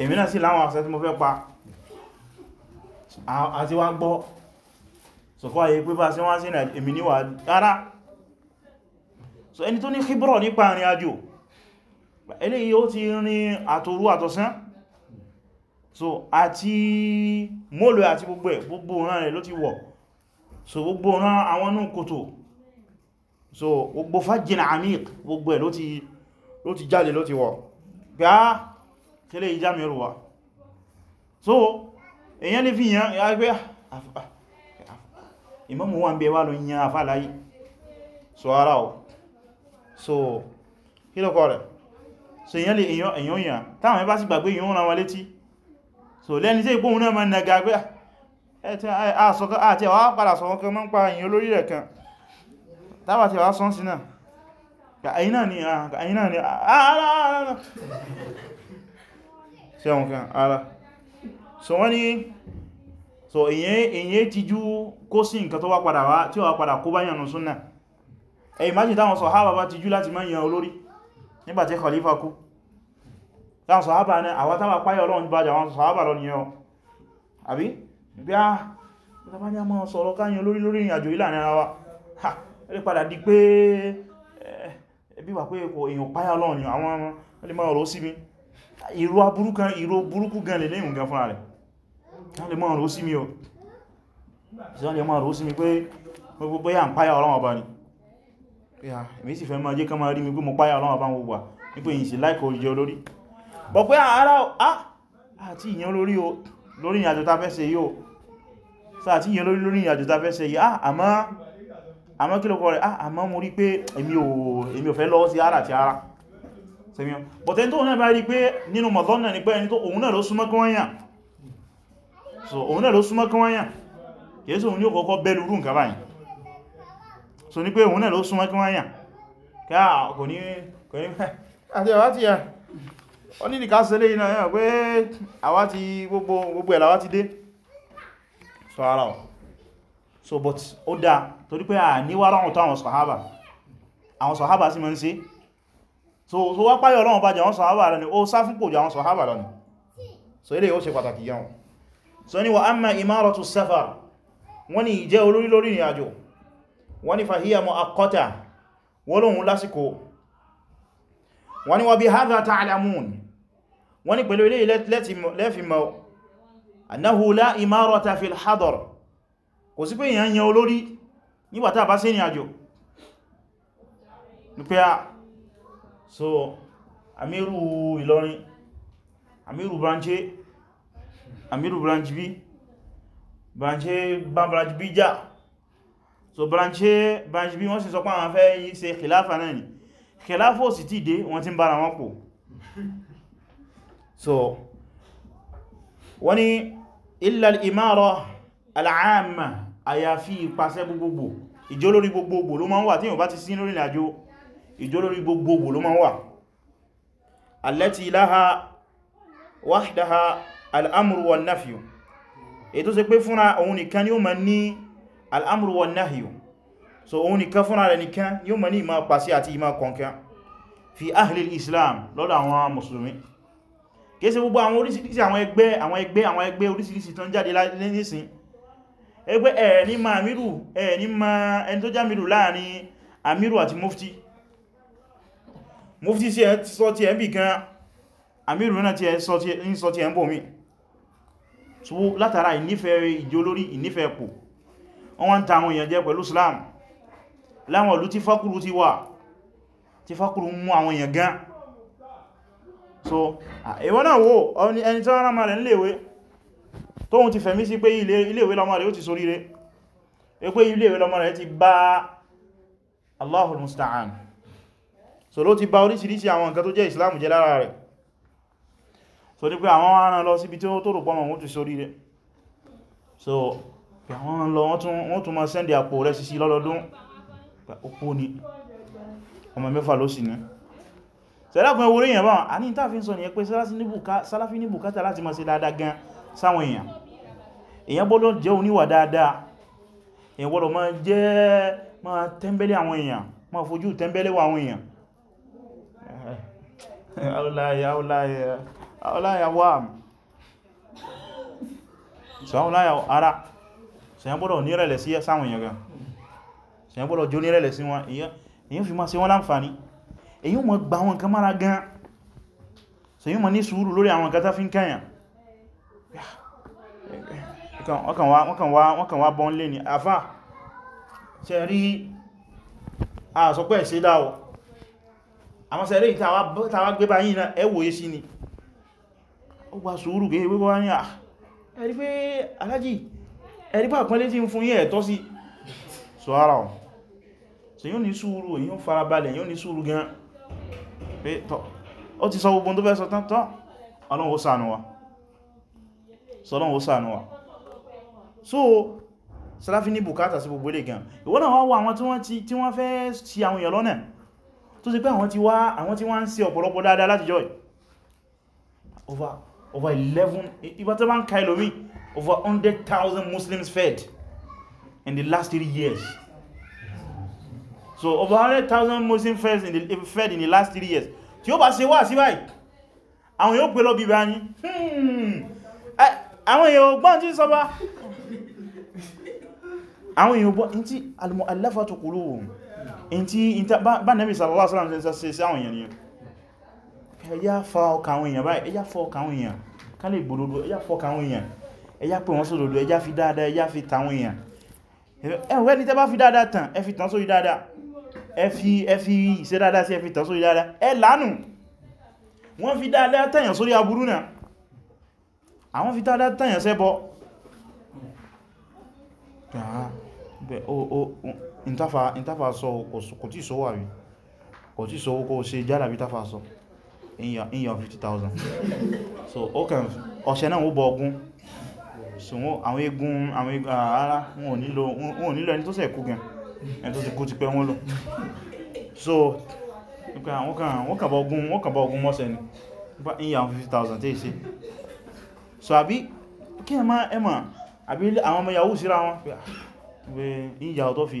èmi náà sí láwọn àṣẹ tí mo fẹ́ pa àti wá gbọ́ sọ̀fọ́ ayé pé bá sí wọ́n sí ní èmi níwà dára so ẹni tó ní kíbrọ̀ nípa àrin àjò eléyìí ó ti rin àtòrú àtọ̀sán so àti mọ́lù àti gbogbo ẹ̀ gbogbo ọ̀ràn rẹ̀ ló ti wọ̀ kílẹ̀ ìjámẹ́rù wa so èyàn lè fi yàn àgbẹ́ ìmọ́mù wọn bẹ wà lọ yàn àfà láyé so ara o so kí lọ́kọ́ rẹ̀ so èyàn lè èyàn yàn táwọn ẹbá sì gbàgbé èyàn rán wọn létí so lẹ́ni tí ìpóhun náà mọ́ ní gàgbé àti àwọn padà sọ kan mọ́ ń pa èyàn olórí rẹ̀ kan tábà tí wà sọ́nsí náà ẹ̀yìn náà ni ààrẹ sí àwọn kan ara so wọ́n ni so èyí ti jú kó sí nǹkan tó wá padà wá tí ó wá padà kó bá yànà súnnà ẹ imagine táwọn sọ̀hábà bá ti jú láti máa yàn olórí nígbàtí khalifa kú táwọn sọ̀hábà ní àwọn táwà páyọ̀ ọlọ́run bá jà wọn sọ̀hábà lọ nìyàn àbí bí á tàbí a máa sọ̀rọ̀ káyàn lórí lórí ìrìnàjò ìlànà ara wa ha rí padà di pé ẹbí wà pé èèyàn páyà ọlọ́run àwọn ẹlẹ́mọ̀ ìrò aburúkan ìrò burúkú gan lè léyìn gan fúnra rẹ̀ wọ́n lè máa rò sí mi o ìsọ́n lè máa rò sí mi pé gbogbo yà ń páyà Ọlọ́run Ọba ni èmi sì fẹ́ máa jẹ́ ká máa rí mi pé mo páyà Ọlọ́run Ọba gbogbo ní pé ìsì láìkò orí jẹ́ olórí bọ̀ pé ara àti ìyẹn lórí lórí ìrìnàjò ta fẹ́ ṣe yóò sá àti ìyẹn lórí lórí ìrìnàjò ta fẹ́ ṣe yìí àmọ́ kí lókọ rẹ̀ àmọ́ mo rí pé èmi ò fẹ́ lọ́wọ́ sí ara àti ara sẹ́míọ́ but ẹni tó wọ́n náà bá rí pé nínú madonna ni pé ẹni tó òun náà ló súnmọ́ kan wáyàn so òun náà ló súnmọ́ kan wáyàn kìí sí òun ní òkọ́kọ́ bẹ́lú rú nǹkan báyìí so ní pé òun náà ló súnmọ́ kan wáyàn káà kò ní àti àwá ti yà ó ní nìkan sẹ́lẹ̀ iná yàn pé àwá ti gbogbo ẹ̀lá wá ti dé so ara so but ó dá torí pé à níwárọ̀ táwọn sàhábà àwọn sàhábà sì mọ́ ń ṣe so so wá páyọ̀ Ọlọ́run bá jẹ àwọn sàhábà lọ ni ó sá fún pòjò àwọn sàhábà lọ ni so ilé ó ṣe pàtàkì yẹn so ni wa amma imaratu safar wọ́n ni ìjẹ́ olórí lórí ní àjò wọ́n ni fahiyya mu'aqqata wọ́n lóhun lásìkò wọ́n ni wa bi hadha ta'lamun wọ́n ni pẹ̀lú ilé lẹ́fì mọ́ annahu la imarata fil hadar kò sí pé èyàn yan olórí nígbàtà bá sí ní àjò ní pé so amiru Ìlọrin amiru branche amiru branche b branche bá branche b já so branche branche b wọ́n sì sọ pé àwọn fẹ́ yí ṣe khilafa náà ni khilafa ò ti dé wọ́n ti ń bára wọn so wọ́n ni illa al-imara al-amma àyàfi ìpasẹ̀ gbogbogbò ìjólórí gbogbogbò ló máa ń wà tí yíò bá ti sí lórí ìrìnàjò ìjólórí gbogbogbò ló ma wà allati laha wahdaha al'amru wa nafyu ètò ṣe pé fúnra òun nìkan ni ma ní al'amru wa so òun nìkan fúnra rẹ̀ nìkan ni ó ma ní ìmá pàṣẹ àti ìmá kọ̀ǹkan fi ahli islam lọ́dọ̀ àwọn musulmi kéèsì gbogbo àwọn orísìírísìí àwọn ẹgbẹ́ àwọn ẹgbẹ́ àwọn ẹgbẹ́ orísìírísìí tó ń jáde lẹ́nìsìn ẹgbẹ́ ẹ̀ẹ̀ni ma àmìrù ẹ̀ẹ̀ni ma ẹni tó jámìrù láàrin àmìrù àti mufti mufti sí ẹ ti sọ ti ẹ bí gan amiru náà ti ẹ ń sọ ti ẹ ń bò mí so látara ìnífẹ́ ìjọ olórí ìnífẹ́ pò wọ́n wá ń ta àwọn èèyàn jẹ pẹ̀lú Islam láwọn ìlú tí fákúrú ti wà tí fákúrú mú àwọn èèyàn gan so ìwọ́n náà wò ẹni tí wọ́n rán ma rẹ̀ níléèwé tóhun ti fẹ̀mí sí pé iléèwé lọ́mọ rẹ̀ ó ti soríire pé iléèwé lọ́mọ rẹ̀ ti bá Allahul musta'an so ló ti bà oríṣiríṣi àwọn nǹkan tó jẹ́ Islam jẹ́ lára rẹ̀ so ní pé àwọn aràn si síbi tí ó tó rò pọ́mọ̀ wọ́n ti sórí rẹ̀ so àwọn lọ wọ́n tún ma sẹ́ndì àpò rẹ̀ sísí lọ́lọ́dún òpó ni ọmọ mẹ́fà ló sì ní sẹ́lákùn ewúrí èèyàn báwọn a ní ìtàfin sọ nìyẹn pé sáláfí ní bùkátà láti ma ṣe dáadáa gan sáwọn èèyàn èèyàn gbọ́dọ̀ jẹ́ oníwà dáadáa èèyàn gbọ́dọ̀ ma jẹ́ ma tẹ́mbẹ́lẹ̀ àwọn èèyàn ma fojú tẹ́mbẹ́lẹ̀ àwọn èèyàn aulaya aulaya aulaya wam so aulaya ara ṣe yẹn gbọ́dọ̀ ní rẹ̀lẹ̀ sí sáwọn èèyàn gan ṣe yẹn gbọ́dọ̀ jó ní rẹ̀lẹ̀ sí wọn èyí fi máa ṣe wọ́n láǹfààní èyí mọ̀ gba wọn kan mára gan so yí mọ̀ ní sùúrù lórí àwọn nǹkan tá fi ń kẹyàn wọ́n kàn wá bọ́n lé ní àfá ṣe rí àsọpẹ́ ìṣẹ́dáwọ̀ àwọn sẹ̀rẹ̀ ìtawà gbé báyìí náà ẹwòye sí ni ó gba sùúrù gẹ́ gbogbo wá ní à ah, ẹ̀rí pé alájì ẹ̀rí pà pọ́nlé tí ń fún yẹ́ ẹ̀tọ́ sí so ara ọ̀ so yóò ní sùúrù èyí ó farabalẹ̀ yóò ní sùúrù gan pé tọ́ ó ti sọ gbogbo tó fẹ́ sọ tán tán Ọlọ́run ó ṣàánú wa so Ọlọ́run so Salafi ní bùkátà sí gbogbo ilé gan ìwọ́n náà wá wọ àwọn tí wọ́n fẹ́ sí àwọn tó ṣe pé àwọn tí wá àwọn tí wá ń ṣe ọ̀pọ̀lọpọ̀ dáadáa láti jọ over over 11 ibá tó bá ń ka ilomi over Muslims fed in the last three years so over 100,000 Muslims fed in the, fed in the last three years tí ó bá ṣe wá sí báyìí àwọn yóò pè lọ bí bá yín hmm. àwọn èèyàn ọgbọ́n tí sọba àwọn èèyàn ọgbọ́n tí al-mu'allafatu qulubuhum in tí bá nẹ́bí sallallahu alaihi wasallam ṣe sí àwọn èèyàn ni ẹ̀yà fa ọkà àwọn èèyàn báyìí ẹ̀yà fa ọkà àwọn èèyàn ká lè gbòdòdó ẹ̀yà fa ọkà àwọn èèyàn ẹ̀yà pè wọ́n sódòdó ẹ̀yà fi dáadáa ẹ̀yà fi tàwọn èèyàn ẹ̀wẹ́ ni tẹ́ bá fi dáadáa tàn ẹ fi tàn sórí dáadáa ẹ fi ẹ fi ìṣe dáadáa sí ẹ fi tàn sórí dáadáa ẹ lánù wọ́n fi dáadáa tàyàn sórí aburú náà àwọn fi ìntàfà sọ kò tí sọ wà rí kò tí sọ kò ṣe jálàbí tàfà sọ ìyàn 50,000 so ọkàn ọ̀ṣẹ́ náà ó bọ ọgún so àwọn egun àwọn egun ah, ara wọn ò nílò ẹni tó ṣe kú gan ẹni tó ti kú ti pẹ́ wọn lọ so wọ́n kàn bọ ọgún wọ́n kàn bọ ọgún mọ́sẹ̀ ni ìyàn 50,000 tí ṣe so àbí kí ẹ máa ẹmà àbí àwọn ọmọ yahoo síra wọn pé ah, ìyàwó tó fi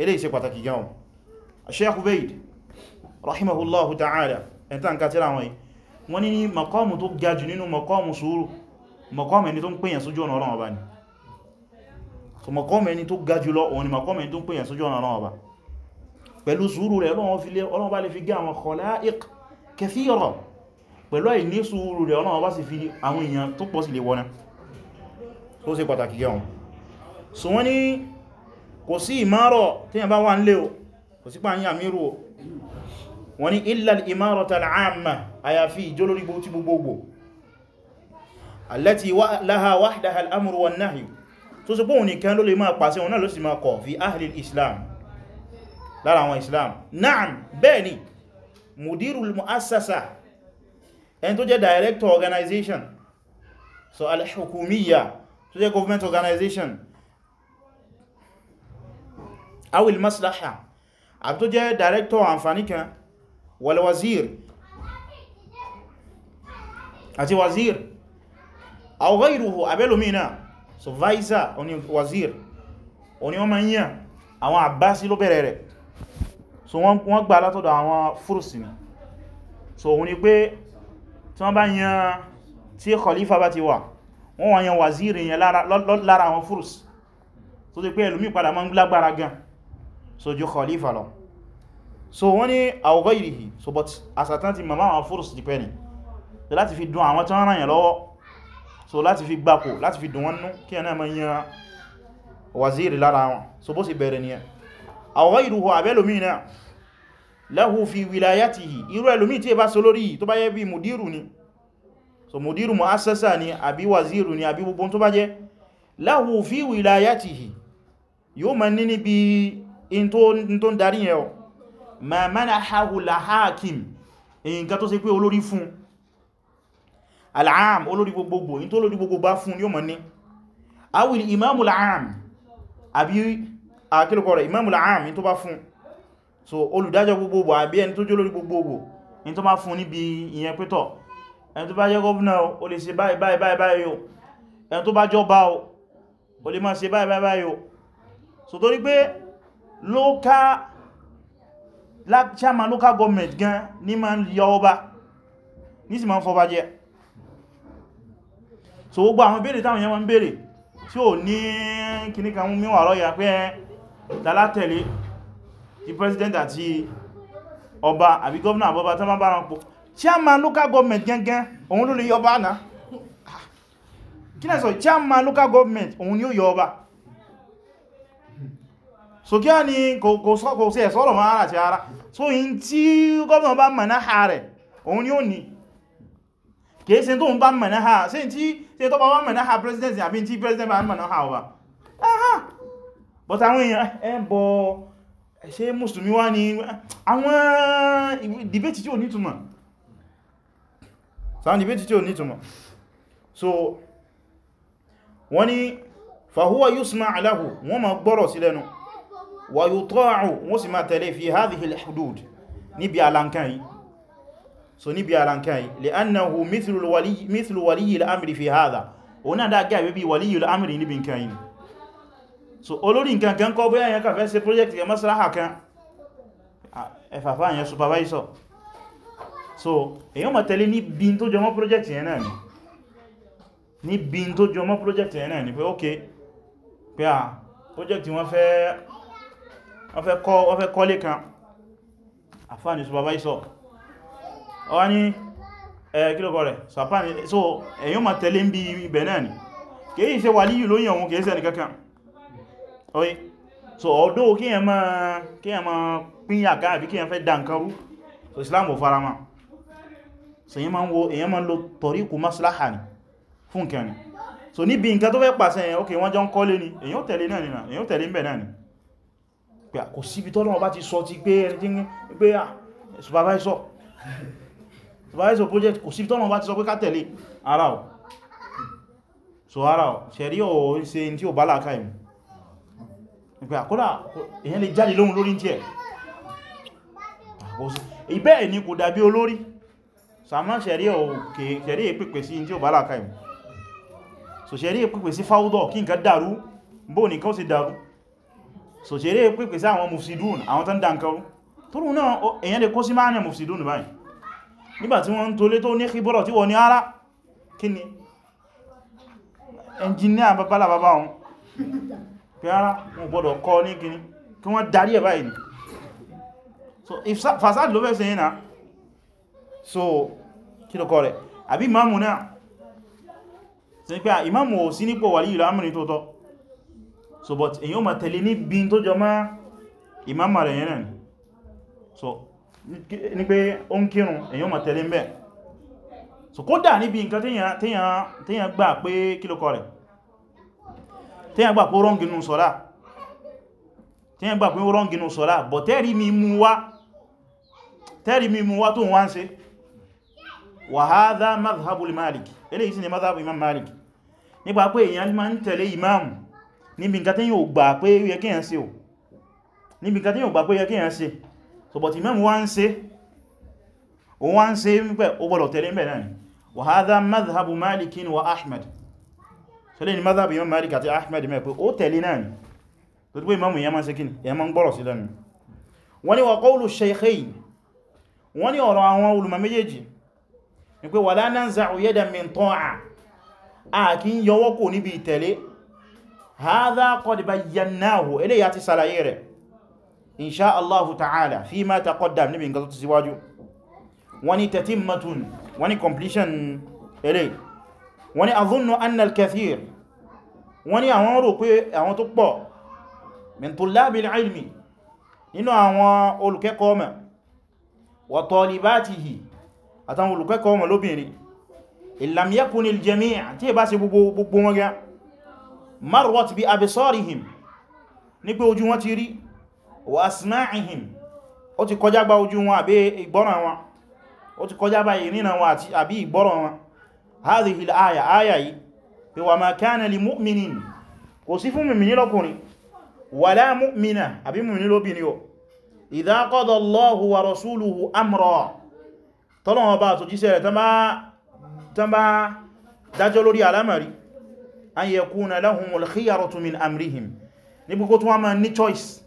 ilé ìṣe pàtàkì gan Sheikh Ubaid rahimahullahu ta'ala ẹ̀ta n kàtíra wọn yìí wọ́n ní ní makọ́mù tó ga jù nínú makọ́mù sùúrù makọ́mù ẹni tó ń pèyàn sójú ọ̀nà Ọlọ́run Ọba ni so makọ́mù ẹni tó ga jù lọ òun ni makọ́mù ẹni tó ń pèyàn sójú ọ̀nà Ọlọ́run Ọba pẹ̀lú sùúrù rẹ̀ Ọlọ́run Ọba lè fi gé àwọn khalaiq kathira pẹ̀lú àìní sùúrù rẹ̀ Ọlọ́run Ọba sì fi àwọn èèyàn tó pọ̀ sí lè wọ́n náà so wọ́n ní kò sí ìmárọ̀ tí yẹn bá wà ń lé o kò sí pàá yà mírù o wọ́n ni illa al-imarata al-amma àyàfi ìjólórí bó ti gbogbogbò allati laha wahdaha al-amru wan-nahyu tó sì pọ́wọ́n nìkan ló lè máa wọn náà tó organization so al-hukumiyya tó government organization awil maslaha àbí tó jẹ́ director àǹfàní kan wal wazir àti wazir aw ghayruhu abẹ́lòmínà so vice oní wazir oní wọ́n ma ń yàn àwọn àbáṣí ló bẹ̀rẹ̀ rẹ̀ so wọ́n gbà látọ̀dọ̀ àwọn fúrùsì ni so òun ni pé tí wọ́n bá yàn tí khalifa bá ti wà wọ́n wọ́n yàn wazir yẹn lára àwọn fúrùsì tó ti pé ẹlòmí padà ma ń lágbára gan so ju khalifa lọ so wọ́n ní aw ghayrihi so but asatan ti mama àwọn furus ti pẹ́ ni láti fi dùn àwọn tán ràn lọ́wọ́ so láti fi gbapò láti fi dùn wọn nú kí ẹ̀nà ma yan waziri lára wọn so bó sì bẹ̀rẹ̀ ni ẹ aw ghayruhu àbẹ́lòmí náà lahu fi wilayatihi irú ẹlòmí tí ẹ bá so mudiru ni so ni àbí waziru ni àbí gbogbo tó bá jẹ́ lahu fi wilayatihi yóò ma in tó ń darí yẹn ọ ma manahahu al-hakim nǹkan tó ṣe pé olórí fún al-aam olórí gbogbogbò in tó olórí gbogbo bá fún yóò mọ̀ ní awil laam, aam àbí àkílùkọ rẹ̀ imamul aam in tó bá fún so olùdájọ́ gbogbogbò àbí ẹni tó jẹ́ olórí gbogbogbò in tó bá fún níbi ìyẹn pétọ̀ ẹni tó bá jẹ́ gọ́ọ̀nà o lè ṣe báyìí báyìí báyìí o o lè máa ṣe báyìí báyìí o so torí pé local chairman local government gan ní ma ń yọ ọba ní sì ma ń fọba jẹ́ so gbogbo àwọn béèrè táwọn yẹn ma ń béèrè tí ò ní kìníkà mú míwà lọ́yà pé dalátẹ̀lé ti president àti ọba àbí gọ́ọ̀nà àbọ́bá tán bá bá rán pò chairman local government gẹ́gẹ́ òun ló lè yọ ọba náà ah, kí náà sọ chairman local government òun ni ó yọ ọba so kí a ní kò sí ẹ̀sọ́rọ̀ máa ara ti ara so in tí gọ́ọ̀nà bá mọ̀ náà rẹ̀ òun ni ó ní kìí tó ń bá mọ̀ náà ṣe tí tó bá wá mọ̀ president àbí tí president bá mọ̀ náà wà aha but àwọn èèyàn ẹbọ ṣe mùsùlùmí wá ní àwọn debate tí ò nítumọ̀ so àwọn debate tí ò nítumọ̀ so wọ́n ni fahuwa yusma alahu wọ́n ma gbọ́rọ̀ sí lẹ́nu wa yuta'u wọ́n sì máa tẹ̀lé fi hadhihi al-hudud níbi alankan yìí so níbi alankan yìí li'annahu mithlu waliyi al-amri fi hadha o náà dáa gáà bí waliyi al-amri níbi nkan yìí so olórí nkan kan kọ́ bóyá yẹn kàfẹ́ sí project yẹn maslaha kan ah, ẹfàfà yẹn supervisor so èyàn máa tẹ̀lé níbi tó jọmọ́ project yẹn náà ni níbi tó jọmọ́ project yẹn náà ni pé ok pé à ah, project wọ́n fẹ́ wọ́n fẹ́ kọ́lé kan àfáà ní supervisor wọ́n ní kílòkọ́ rẹ̀ so èyàn ma tẹ̀lé ń bí ibẹ̀ náà ni kìí ṣe wàlíyù ló yẹ̀ òun kìí ṣe ẹnìkankan oye so ọ̀dọ́ kíyàn ma pínyà káàbí kíyàn fẹ́ dá nǹkan rú so Islam ò fara ma so èyàn ma ń wo èyàn ma ń lo tọ̀ríkù maslaha ni fún kẹni so níbi nǹkan tó fẹ́ pàṣẹ ok wọ́n jọ ń kọ́lé ni èyàn tẹ̀lé náà ni èyàn tẹ̀lé ń bẹ̀ náà ni kò síbi tọ́lọ́run ọba ti sọ ti pé pé supervisor supervisor project kò síbi tọ́lọ́run ọba ti sọ pé ká tẹ̀lé ara ọ̀ so ara ọ̀ ṣẹ̀rí ọ̀ ń ṣe tí ò bá láàká ìmú pé àkọ́dà èyàn lè ni kò dàbí olórí sàmá ṣẹ̀rí òkè ṣẹ̀rí èpèpè sí tí so ṣẹ̀rí èpèpè sí fáúdọ̀ kí nǹkan dàrú bóò nìkan ó sì so ṣeré pípẹ̀ sí àwọn mufsidun àwọn tán dankaru tóru náà èyàn lè kó sí máa ní mufsidun báyìí nígbàtí wọ́n tó lé tó ní kíbọ́rọ̀ tí wọ́n ní ara kí ni ẹnjìníà babalá bàbá wọn pé ara wọn gbọ́dọ̀ kọ́ ní kíní kí wọ́n darí ẹ̀ báyìí so fasad ló fẹ́ sẹ́yìn so kí lọ kọ́ rẹ̀ àbí imamu náà sí pé imamu ò sí nípò so but èyàn ma tẹ̀lé ní bí tó jọ má ìmáàmà rẹ̀ yẹn so ní pé ó ń kírun èyàn ma tẹ̀lé mẹ́ so kódà níbi nǹkan tíyàn gbà pé kílòkọ rẹ̀ tíyàn gbà pé ó rọ́nginu sọ́lá tíyàn gbà pé ó rọ́nginu sọ́lá but tẹ́rí mi mú wá tẹ́rí mi mú tó wá ń ṣe wa hadha madhhabul ni madhhabu imam Maliki nípa pé èyàn ma ń tẹ̀lé imamu níbi nǹkan tí yóò gbà pé yẹ kí yẹn ṣe o níbi nǹkan tí yóò gbà pé yẹ kí yẹn ṣe so but imam wá ń ṣe òun wá ń ṣe wípé ó gbọ́dọ̀ tẹ̀lé mẹ́ náà ni wa hadha madhhabu malikin wa ahmad so lè ní madhhabu imam malik àti ahmad mẹ́ pé ó tẹ̀lé náà ni tó dúgbé pé wala nanza'u hadha qad bayyanahu eléyà ti sàlàyé rẹ̀ inṣá allahu ta'ala fi ma taqaddam níbi nǹkan tó ti síwájú wani tatimmatun wani completion ele wani azunnu annal kathir wani àwọn rò pé àwọn tó pọ̀ min tullabil ilmi nínú àwọn olùkẹ́kọ̀ọ́ mẹ́ wa talibatihi àtàwọn olùkẹ́kọ̀ọ́ mẹ́ lóbìnrin illam yakunil jami' tí è bá ṣe gbogbo wọn gan marwat bi abisarihim ní pé ojú wọn ti rí wa asma'ihim ó ti kọjá gba ojú wọn àbí ìgbọ́ràn wọn ó ti kọjá bá ìrìnà wọn àbí ìgbọ́ràn wọn hadhihi al-aya aya yìí pé wa ma kana li mu'minin kò sí fún mìmìní lọ́kùnrin wala mu'mina àbí mìmìní lóbìnrin o idha qada Allahu wa rasuluhu amra tọ́lọ́wọ́ bá àtòjíṣẹ́ rẹ̀ tán bá dájọ́ lórí alámàrí an yakuna lahumul khiyaratu min amrihim ní pé kó tún wá máa ní choice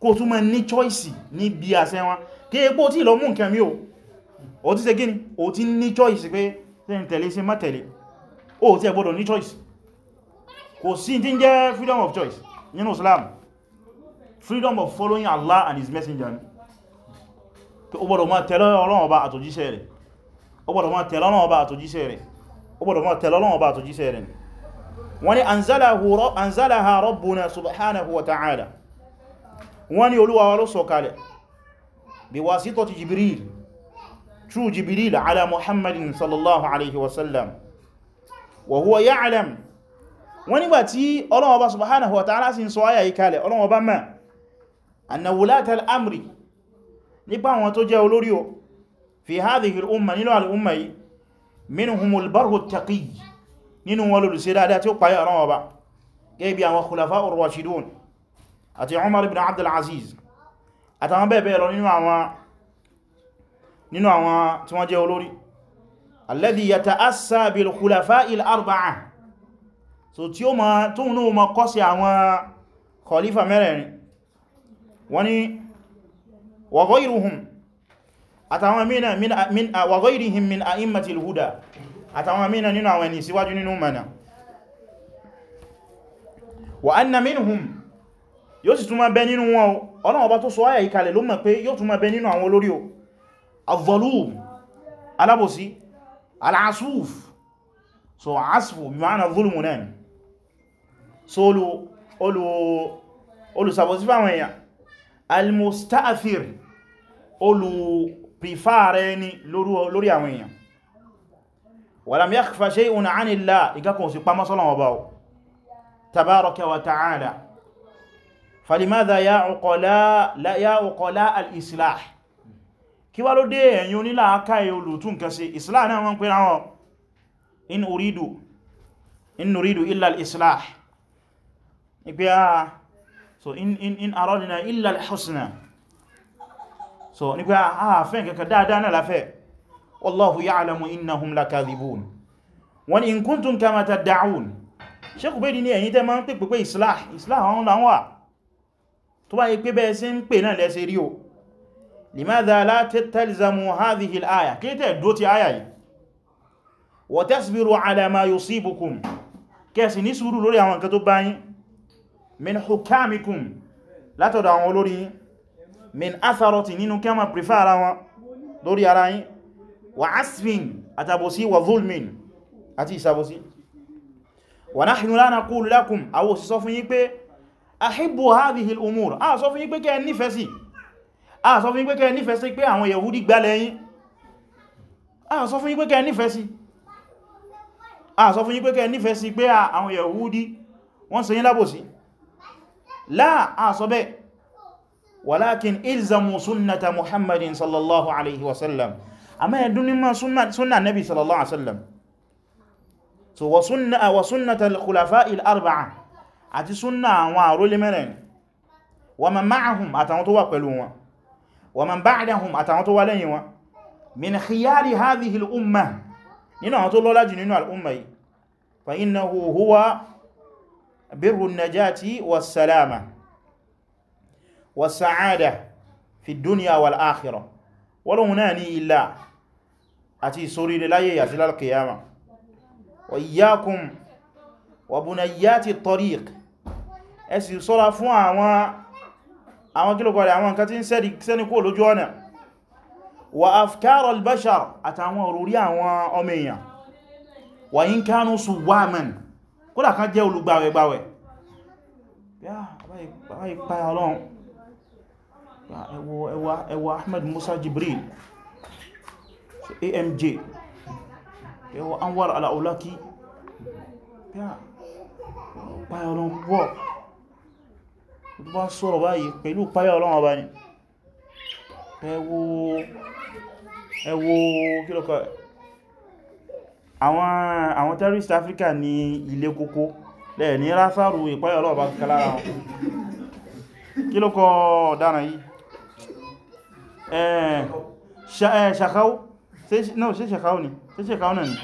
kó tún máa ní choice ní bí àṣẹ wọn kí epo tí lọ mú nǹkan mí o o ti ṣe gíní o ti ní choice pé ṣe ń tẹ̀lé sí má tẹ̀lé o ti ẹ gbọ́dọ̀ ní choice kò sí tí ń freedom of choice nínú Islam freedom of following Allah and his messenger pé o gbọ́dọ̀ máa tẹ̀lé Ọlọ́run ọba àtòjíṣẹ́ rẹ̀ o gbọ́dọ̀ máa tẹ̀lé Ọlọ́run ọba àtòjíṣẹ́ rẹ̀ wọ́n ni anzalaha rabbuna subhanahu wa ta'ala wọ́n ni olúwa wa ló sọ̀kalẹ̀ bí wasitati jibril true jibril ala muhammadin sallallahu alaihi wasallam wa huwa ya'lam wọ́n nígbà tí Ọlọ́hun Ọba subhanahu wa ta'ala sì ń sọ ayà ìkalẹ̀ Ọlọ́hun Ọba mẹ́ anna wulata al'amri nípa àwọn tó jẹ́ olórí o fi hadhihi al'umma nínú al'umma yìí minhumul barhu taqi nínú wọn lòlùsẹ́ dáadáa tí ó payà ọ̀rán ọba gẹ́gẹ́ bí àwọn khulafa ar-rashidun àti Umar ibn Abdul Aziz àtàwọn bẹ́ẹ̀bẹ́ẹ̀ lọ nínú àwọn nínú àwọn tí wọ́n jẹ́ olórí alladhi yata'assa bil khulafa il arba'a so tí ó ma tó ma kọ́ àwọn khalifa mẹ́rẹ̀ẹ̀rin wọ́n ni àtàwọn min wa min a'immatil huda àtàwọn mìíràn nínú àwọn ẹni síwájú nínú mọ̀nà wa anna minhum yóò sì túnmọ̀ bẹ nínú wọn Ọlọ́run Ọba tó sọ ayà ìkàlẹ̀ ló mọ̀ pé yóò túnmọ̀ bẹ nínú àwọn olórí o az-zalum alábòsí al-asuf so asfu bí ma'ana zulmù náà so olùsàbòsí fáwọn èèyàn al-musta'thir olùpìfà lórí àwọn èèyàn walam yakhfa shay'un 'anillah ìkàkùn sí pamọ́ sọ́lọ́wọ́ bá tabaraka wa ta'ala falimada ya uqala al-islah kí wá ló dé ẹ̀yin onílà aka olùtún nǹkan sí islah náà wọ́n pín àwọn in uridu in nuridu illa al-islah ipi a ah, so in, in, in aradna illa al-husna so nípa ah, a fẹ́ nǹkan dáadáa náà láfẹ́ wallahu ya'lamu innahum lakadhibun wọ́n in kuntum kama tad'un ṣekú bèèrè ní ẹ̀yin tẹ́ ma ń pè pé islah islah àwọn làwọn wà tó bá yí pé bẹ́ẹ̀ sí ń pè náà lẹ́sẹ̀ rí o limadha la talzamu hadhihi al-aya kí tẹ́ dó ti aya yìí wa tasbiru ala ma yusibukum kẹsì ní sùúrù lórí àwọn nǹkan tó bá yín min hukamikum látọ̀dọ̀ àwọn olórí min atharati nínú kẹ́mà prefer ara wọn lórí ara yín wa asfin atabosi wa zulmin àti isabosi wa nahnu la naqulu lakum awo si sọ fún yín pé ahibbu hadhihi al-umur a sọ fún yín pé kẹ́ nífẹ̀ẹ́ sí a sọ fún yín pé kẹ́ nífẹ̀ẹ́ sí pé àwọn yahudi gbà lẹ́yìn a sọ fún yín pé kẹ́ nífẹ̀ẹ́ sí a sọ fún yín pé kẹ́ nífẹ̀ẹ́ sí pé àwọn yahudi wọ́n ṣe yín lábòsí la a sọ bẹ́ẹ̀ walakin ilzamu sunnata muhammadin sallallahu alaihi wasallam àmọ́ ẹ̀dún ní máa súnà nẹ́bí sallallahu alaihi wasallam so wa sunna wa sunnata al-khulafa'i al-arba'a àti súnà àwọn àrólé mẹ́rin wa man ma'ahum àtàwọn tó wà pẹ̀lú wọn wa man ba'dahum àtàwọn tó wà lẹ́yìn wọn min khiyari hadhihi al-umma nínú àwọn tó lọ́lá jù al-umma yìí fa innahu huwa birru najati was-salama was-sa'ada fi ad wal-akhirah wọ́n lóhun náà ní àti ìsoríire láyé àti lálkìyàmà wa iyyakum wa bunayyati tariq ẹ sì ṣọ́ra fún àwọn àwọn kílùkọ́ rẹ̀ àwọn nǹkan tí ń sẹ́ni kó lójú ọ̀nà wa afkar al-bashar àtàwọn òrùrí àwọn ọmọ èèyàn wa in kanu suwaman kódà kan jẹ́ olùgbàwẹ̀gbàwẹ̀ ẹwọ Ahmed Musa Jibril so amj ẹwọ anwar alaulaki páyà ọlọ́run púpọ̀ tó bá sọ̀rọ̀ báyìí pẹ̀lú páyà ọlọ́run ọba ni ẹwọ ẹwọ kílọ́kọ̀ àwọn àwọn terrorist Africa ní ilé kókó lẹ́ẹ̀ ní rásáàrù ìpáyà ọlọ́run ọba kàkà lára wọn kílọ́kọ̀ dára yìí ṣàkáwó náà ṣe ṣẹ̀káwọ́ ni ṣe ṣẹ̀káwọ́ náà ni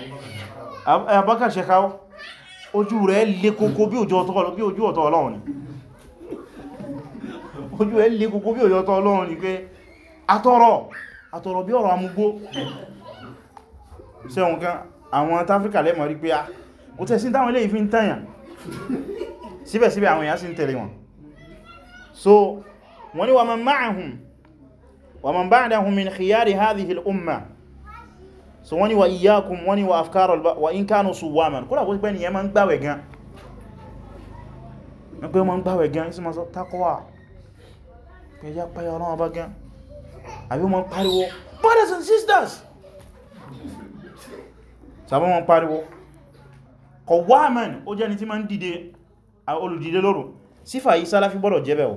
Abubakar ṣẹ̀káwọ́ ojú rẹ̀ lè kókó bí ojú ọ̀tọ̀ Ọlọ́run ni ojú rẹ̀ lè kókó bí ojú ọ̀tọ̀ Ọlọ́run ni pé atọ́rọ̀ atọ́rọ̀ bí ọ̀rọ̀ amúgbó sẹ́wọ̀n kan àwọn táfíríkà lẹ́mọ̀ rí pé a kò tẹ́ sí táwọn ilé ìfin tàyàn síbẹ̀síbẹ̀ àwọn èèyàn sí ń tẹ̀lé wọn so wọ́n ni man ma'ahum wà man ba'dahum min khiyari hadhihi al-umma so wọ́n ni wa iyyakum wọ́n ni wa afkar wa in kanu suwaman kúrò àkókò pẹ́ ni yẹn ma ń gbàwẹ̀ gan ní pé ma ń gbàwẹ̀ gan isi ma sọ takowa pé ya pẹ́ ọlọ́wọ́ bá gan àbí ma ń pariwo brothers and sisters sàbọ́ ma ń pariwo kọwàmán ó jẹ́ ni tí ma ń dìde olùdìde lóru sífà yí sálá fi gbọ́dọ̀ jẹ́bẹ̀ o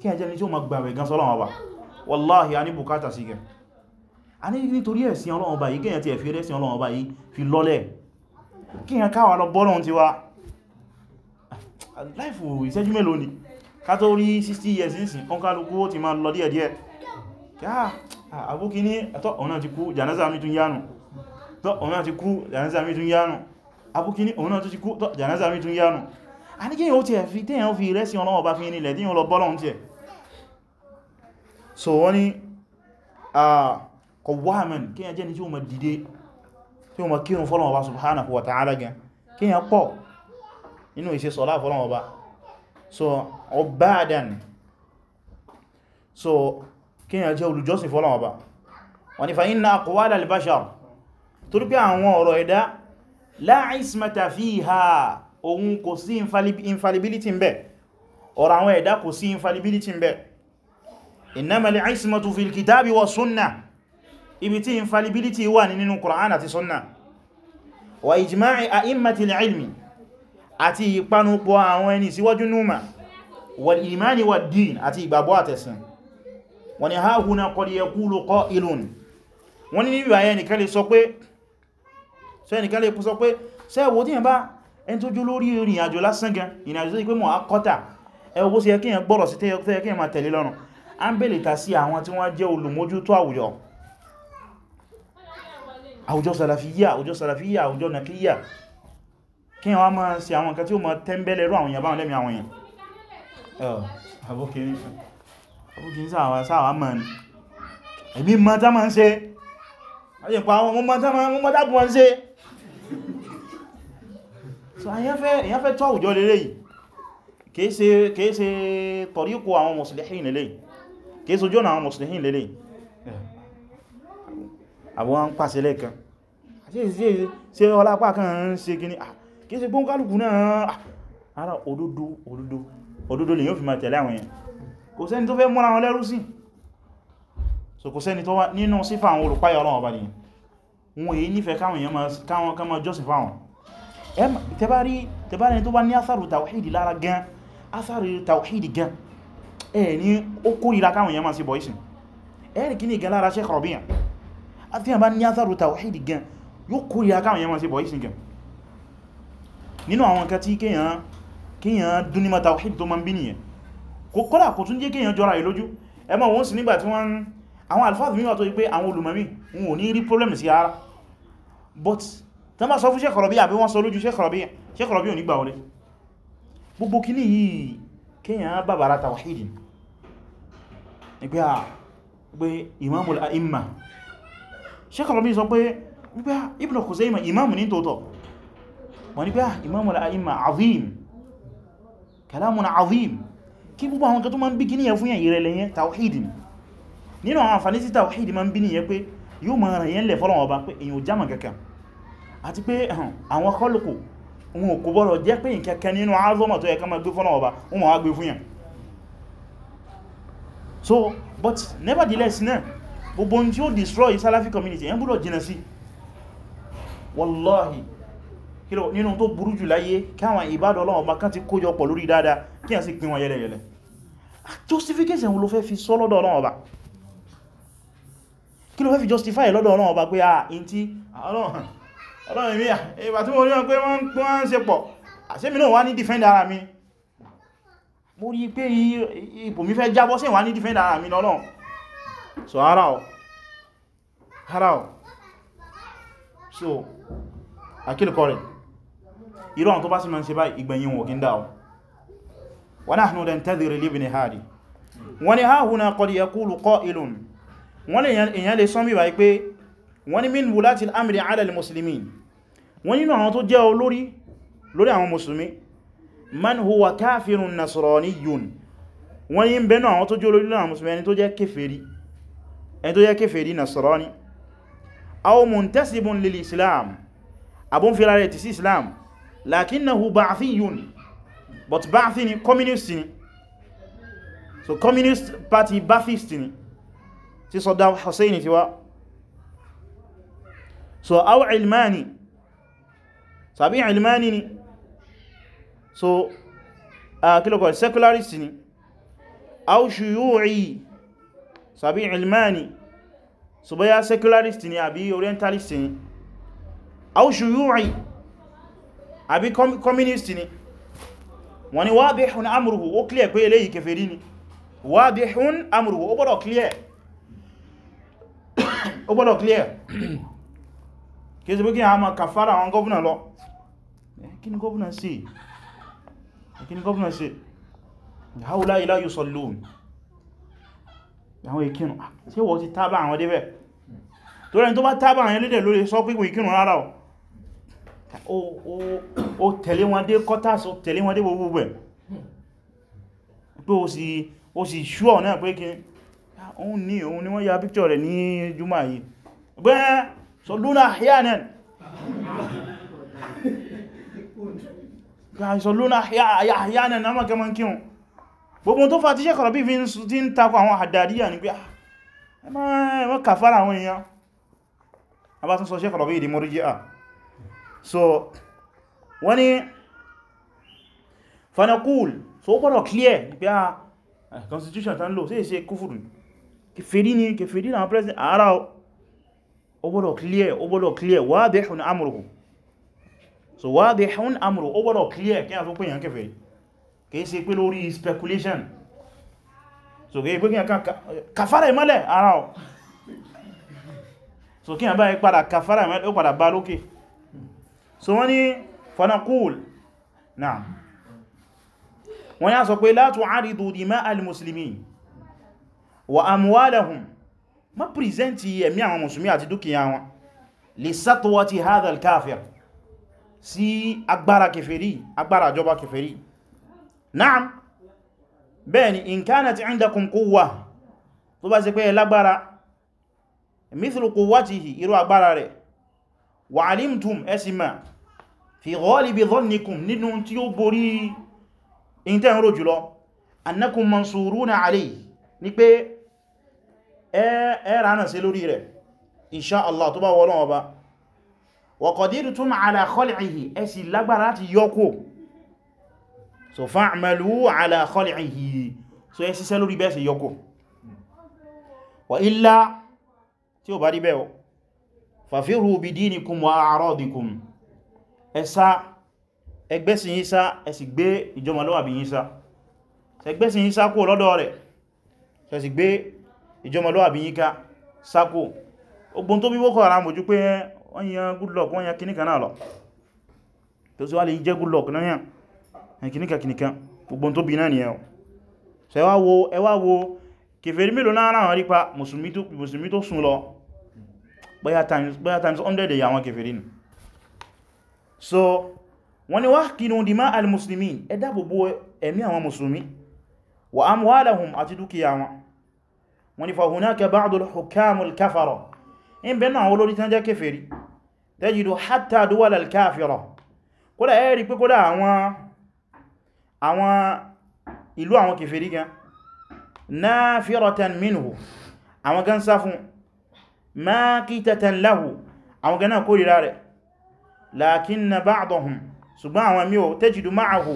kí ẹjẹ́ ni tí ó ma gbàwẹ̀ gan sọ́lọ́wọ́ wallahi a ní bùkátà sí gan a ní nítorí ẹ̀sìn ọlọ́run báyìí kíyàn ti ẹ̀fẹ́ ẹ̀sìn ọlọ́run báyìí fi lọ́lẹ̀ kíyàn káwà lọ bọ́lọ́run ti wá láìfò ìṣẹ́jú mélòó ni ká tó rí 60 years nísìn ọkàlùkú ó ti máa lọ díẹ̀díẹ̀ àbúkí ní ẹ̀tọ́ ọ̀nà ti kú jànáza mi tún yánu tọ́ ọ̀nà ti kú jànáza mi tún yánu àbúkí ní ọ̀nà tó ti a qawaman kíyàn jẹ́ ni tí ó ma dìde tí ó ma kírun fọ́lọ̀wọ̀ bá subhanahu wa ta'ala gan kíyàn pọ̀ inú ìṣe sọ́lá fọ́lọ̀wọ̀ bá so ubadan so kíyàn jẹ́ olùjọ́sìn fọ́lọ̀wọ̀ bá wọ́n ni fa inna aqwala al-bashar torí pé àwọn ọ̀rọ̀ ẹ̀dá la ismata fiha ohun kò sí infallibility ń bẹ ọ̀rọ̀ àwọn ẹ̀dá kò fil kitabi wa sunnah ibi tí infallibility wà ní nínú Qur'an àti sunna wa ijma'i a'immatil ilmi àti ìpanupọ̀ àwọn ẹni síwájú númà wal imani wad din àti ìgbàgbọ́ àtẹ̀sìn wani hahuna qad yaqulu qa'ilun wani níbi ayẹ́ nìkan lè sọ pé sẹ́wọ́ tí yẹn bá ẹni tó jú lórí ìrìn àjò lásán gan ìrìnàjò tó àwùjọ sàlàfíyà àwùjọ sàlàfíyà àwùjọ nàkíyà kí wọ́n máa ṣe àwọn nǹkan tí ó máa tẹ́m̀bẹ̀lẹ̀ rú àwọn èèyàn báwọn lẹ́mí àwọn èèyàn abúkìní sáàwà mọ̀ ní ẹ̀mí mọ́ta máa ń ṣe ayé pa àwọn mọ́ta bù wọ́n se so èyàn fẹ́ tó àwùjọ lélẹ̀ yìí kìí ṣe tọ̀ríkù àwọn mùsùlùmí lélẹ̀ kìí ṣojú àwọn mùsùlùmí lélẹ̀ àwọn ń pàṣẹ lẹ́ẹ̀kan ṣe ọlápá kan ń ṣe gini kìí ṣe gbóǹkálùkù náà ara òdodo òdodo òdodo lè yóò fi máa tẹ̀lé àwọn èèyàn kò sẹ́ni tó fẹ́ múra wọn lẹ́rú sí so kò sẹ́ni tó wá nínú sífà àwọn olùpáyà ọlọ́wọ́ bá nìyàn wọn èyí nífẹ̀ẹ́ káwọn èèyàn ká máa jọ́sìn fáwọn tẹbárí tẹbárí tó bá ní asáàrù tàwíìdì lára gan asáàrù tàwíìdì gan ẹ̀ ní ó kórìíra káwọn èèyàn máa sí bọ̀ ìsìn ẹ̀rì kí ní gan lára Sheikh Rabi'a àti àbá ní àtàrù tàwàhídì gan yóò kórí akáwọn yẹn wọ́n sí bọ̀ ìsìn gan nínú àwọn nǹkan tí kíyàn dúnímọ̀ tàwàhídì tó ma ń bí nìyẹn kò kọ́lá kò tún jẹ́ kíyàn jọra ẹ̀ lójú ẹmọ wọn sì nígbà tí wọ́n àwọn alfáàdù mímọ̀ problem sí but tó bá sọ fún sẹ́kọ̀rọ̀bí àbí wọ́n sọ lójú sẹ́kọ̀rọ̀bí ò nígbà wọlé gbogbo kí ní yìí kíyàn bàbára tàwàhídì imamul a'imma ṣẹ́kọ̀lọ́bí sọ pé wípé ah, Ibn Khuzaymah imamu ní tótọ̀ wọ́n ni pé ah, imamu al-a'imma azim kalamun azim kí gbogbo àwọn kan tó ma ń bí gíní yẹ fún yẹn rẹ̀ yẹn tawhidi nínú àwọn àǹfàní sí tawhidi ma ń bí ní yẹ pé yóò ma rẹ̀ yẹn lẹ̀ fọ́lọ̀wọ̀ bá pé èyàn jama kankan àti pé àwọn kọlùkù wọn so but nevertheless náà gbogbo tí ó destroy Salafi community yẹn gbọ́dọ̀ jìnà sí wallahi nínú tó burú jù láyé káwọn ìbádọ̀ Ọlọ́run ọba kan ti kójọ pọ̀ lórí dáadáa kí a sì pín wọn yẹlẹyẹlẹ justification wo ló fẹ́ fi sọ lọ́dọ̀ Ọlọ́run ọba kí ló fẹ́ fi justify lọ́dọ̀ Ọlọ́run ọba pé a in tí Ọlọ́run ìmìyà ìbà tí mo rí wọn pé wọ́n ń ṣe pọ̀ àṣẹ́mì náà wá ní defend ara mi mo rí pé ipò mi fẹ́ jábọ́ sí wá ní defend ara mi lọ́lọ́run so ara ọ̀ ara ọ̀ so akílùkọ́ rẹ̀ irú àwọn tó bá sí mọ́ sí bá ìgbẹ̀yìn wọ̀ kíndà ọ̀ wa nahnu nantadhiru li ibn hadi wọ́n ni hahuna qad yaqulu qa'ilun wọ́n lè èyàn lè sọ́mí wáyé pé wọ́n ni min wulati al-amri ala al-muslimin wọ́n nínú àwọn tó jẹ́ olórí lórí àwọn musulmi man huwa kafirun nasraniyun wọ́n yí ń bẹ́nu àwọn tó jẹ́ olórí lórí àwọn musulmi ẹni tó jẹ́ ẹni tó yẹ kèfèrí Nasrani aw muntasibun lil Islam abun fira rẹ̀ ti sí Islam lakinnahu ba'thiyun but ba'thi ni communist ni so communist party ba'thist ni tí Saddam Hussein ti wá so aw ilmani sàbí so, ilmani ni so uh, ah, kílọ̀kọ̀ secularist ni aw shuyu'i so àbí ilmani so bóyá secularist ni àbí orientalist ni aw shuyu'i àbí communist ni wọ́n ni wadihun amruhu ó clear pé eléyìí kèfèrí ni wadihun amruhu ó gbọ́dọ̀ clear ó gbọ́dọ̀ clear kí sí pé kí a máa kàfàrà àwọn gọ́ọ̀nà lọ eh, kí ni gọ́ọ̀nà sí àwọn ìkínú tí ah, wọ́n ti tábà àwọn débẹ̀ tó rẹ̀ tó bá tábà àwọn elédè lórí sọ pé ìkínú rárá o tẹ̀lé wọn dé kọ́tàs o tẹ̀lé wọn dé gbogbo pé o sì ṣúọ̀ náà pé kí ah, òun ní òun ni wọ́n ya píkṣọ̀ rẹ̀ ní jùmọ̀ yìí bẹ́ẹ̀ gbogbo tó fà tí ṣe kọ̀rọ̀bí fi ń takọ àwọn àdàríyà ní pé ah, ẹmọ́ kàfàrà àwọn èèyàn a bá tún sọ ṣe kọ̀rọ̀bí ìdí mọ́ríjíà so wọ́n ni fanakul so ó gbọ́dọ̀ clear ní pé a ah, eh, constitution tán lò sí ṣe kúfùrù kèfèrí ni ara ó clear ó gbọ́dọ̀ clear wadihun amruhu so wadihun amruhu ó gbọ́dọ̀ clear kí a tó pè yàn kìí ṣe pé lórí speculation so kìí pé kí ẹ̀kan kàfàrà ìmọ́lẹ̀ ara ọ̀ so kí ẹ̀bá ìpadà kàfàrà ìmọ́lẹ̀ ó padà bá lókè so wọ́n ni fanakul náà wọ́n yá sọ pé la tu'aridu dima'al muslimin wa amwalahum ma pìrìsẹ́ntì ẹ̀mí àwọn musulmi àti dúkìyà wọn li satwati hadha al-kafir sí agbára kèfèrí agbára ìjọba kèfèrí na'am bẹ́ẹ̀ni in kanat indakum quwwa tó bá ṣe pé lágbára mithlu quwwatihi irú agbára rẹ̀ wa alimtum esima fi ghalibi dhannikum nínú tí ó borí in tẹ́ ń rò jùlọ annakum mansuruna alayhi ní pé ẹ ránà sí lórí rẹ̀ insha Allah tó bá wọ́lọ́wọ́ ba wa qadirtum ala khal'ihi ẹ sì lágbára láti yọ́kò so fa'amalu ala khali'ihi so yẹn ṣiṣẹ́ lórí bẹ́ẹ̀ ṣe yọkò wa illa tí ó bá rí bẹ́ẹ̀ fafiru bidinikum wa a'radikum ẹ̀sá ẹgbẹ́sìn yísá ẹ̀sì gbé ìjọmọlọ́wàbí yísá ẹgbẹ́sìn yísá kó lọ́dọ̀ rẹ̀ ẹ̀sì gbé ìjọmọlọ́wàbí yíká sákò ogun tó bí Boko Haram mọ̀jú pé wọ́n yan good wọ́n yan kìnnìkan náà lọ tó sì wá lè jẹ́ good náà kìníkà kìníkà gbogbo tó bí náà nìyẹn so ẹwà wo ẹwà wo kèfèrí mélòó náà náà rípa mùsùlùmí tó sùn lọ bóyá times 100 èyà àwọn kèfèrí ni so wọ́n ni wá kínú dìmá al-muslimin ẹ dáàbòbò ẹ̀mí àwọn mùsùlùmí wa amwalahum àti dúkìá wọn wọ́n ni fa hunaka ba'dul hukamul kafara in bẹ̀rẹ̀ àwọn olórí tán jẹ́ kèfèrí tajidu hatta duwal al-kafira kódà ẹ̀rí pé kódà àwọn àwọn ìlú àwọn kèfèrí gan nafiratan minhu àwọn gan sá fún makitatan lahu àwọn gan náà kórìíra rẹ̀ lakinna ba'dahum ṣùgbọ́n àwọn míò tajidu ma'ahu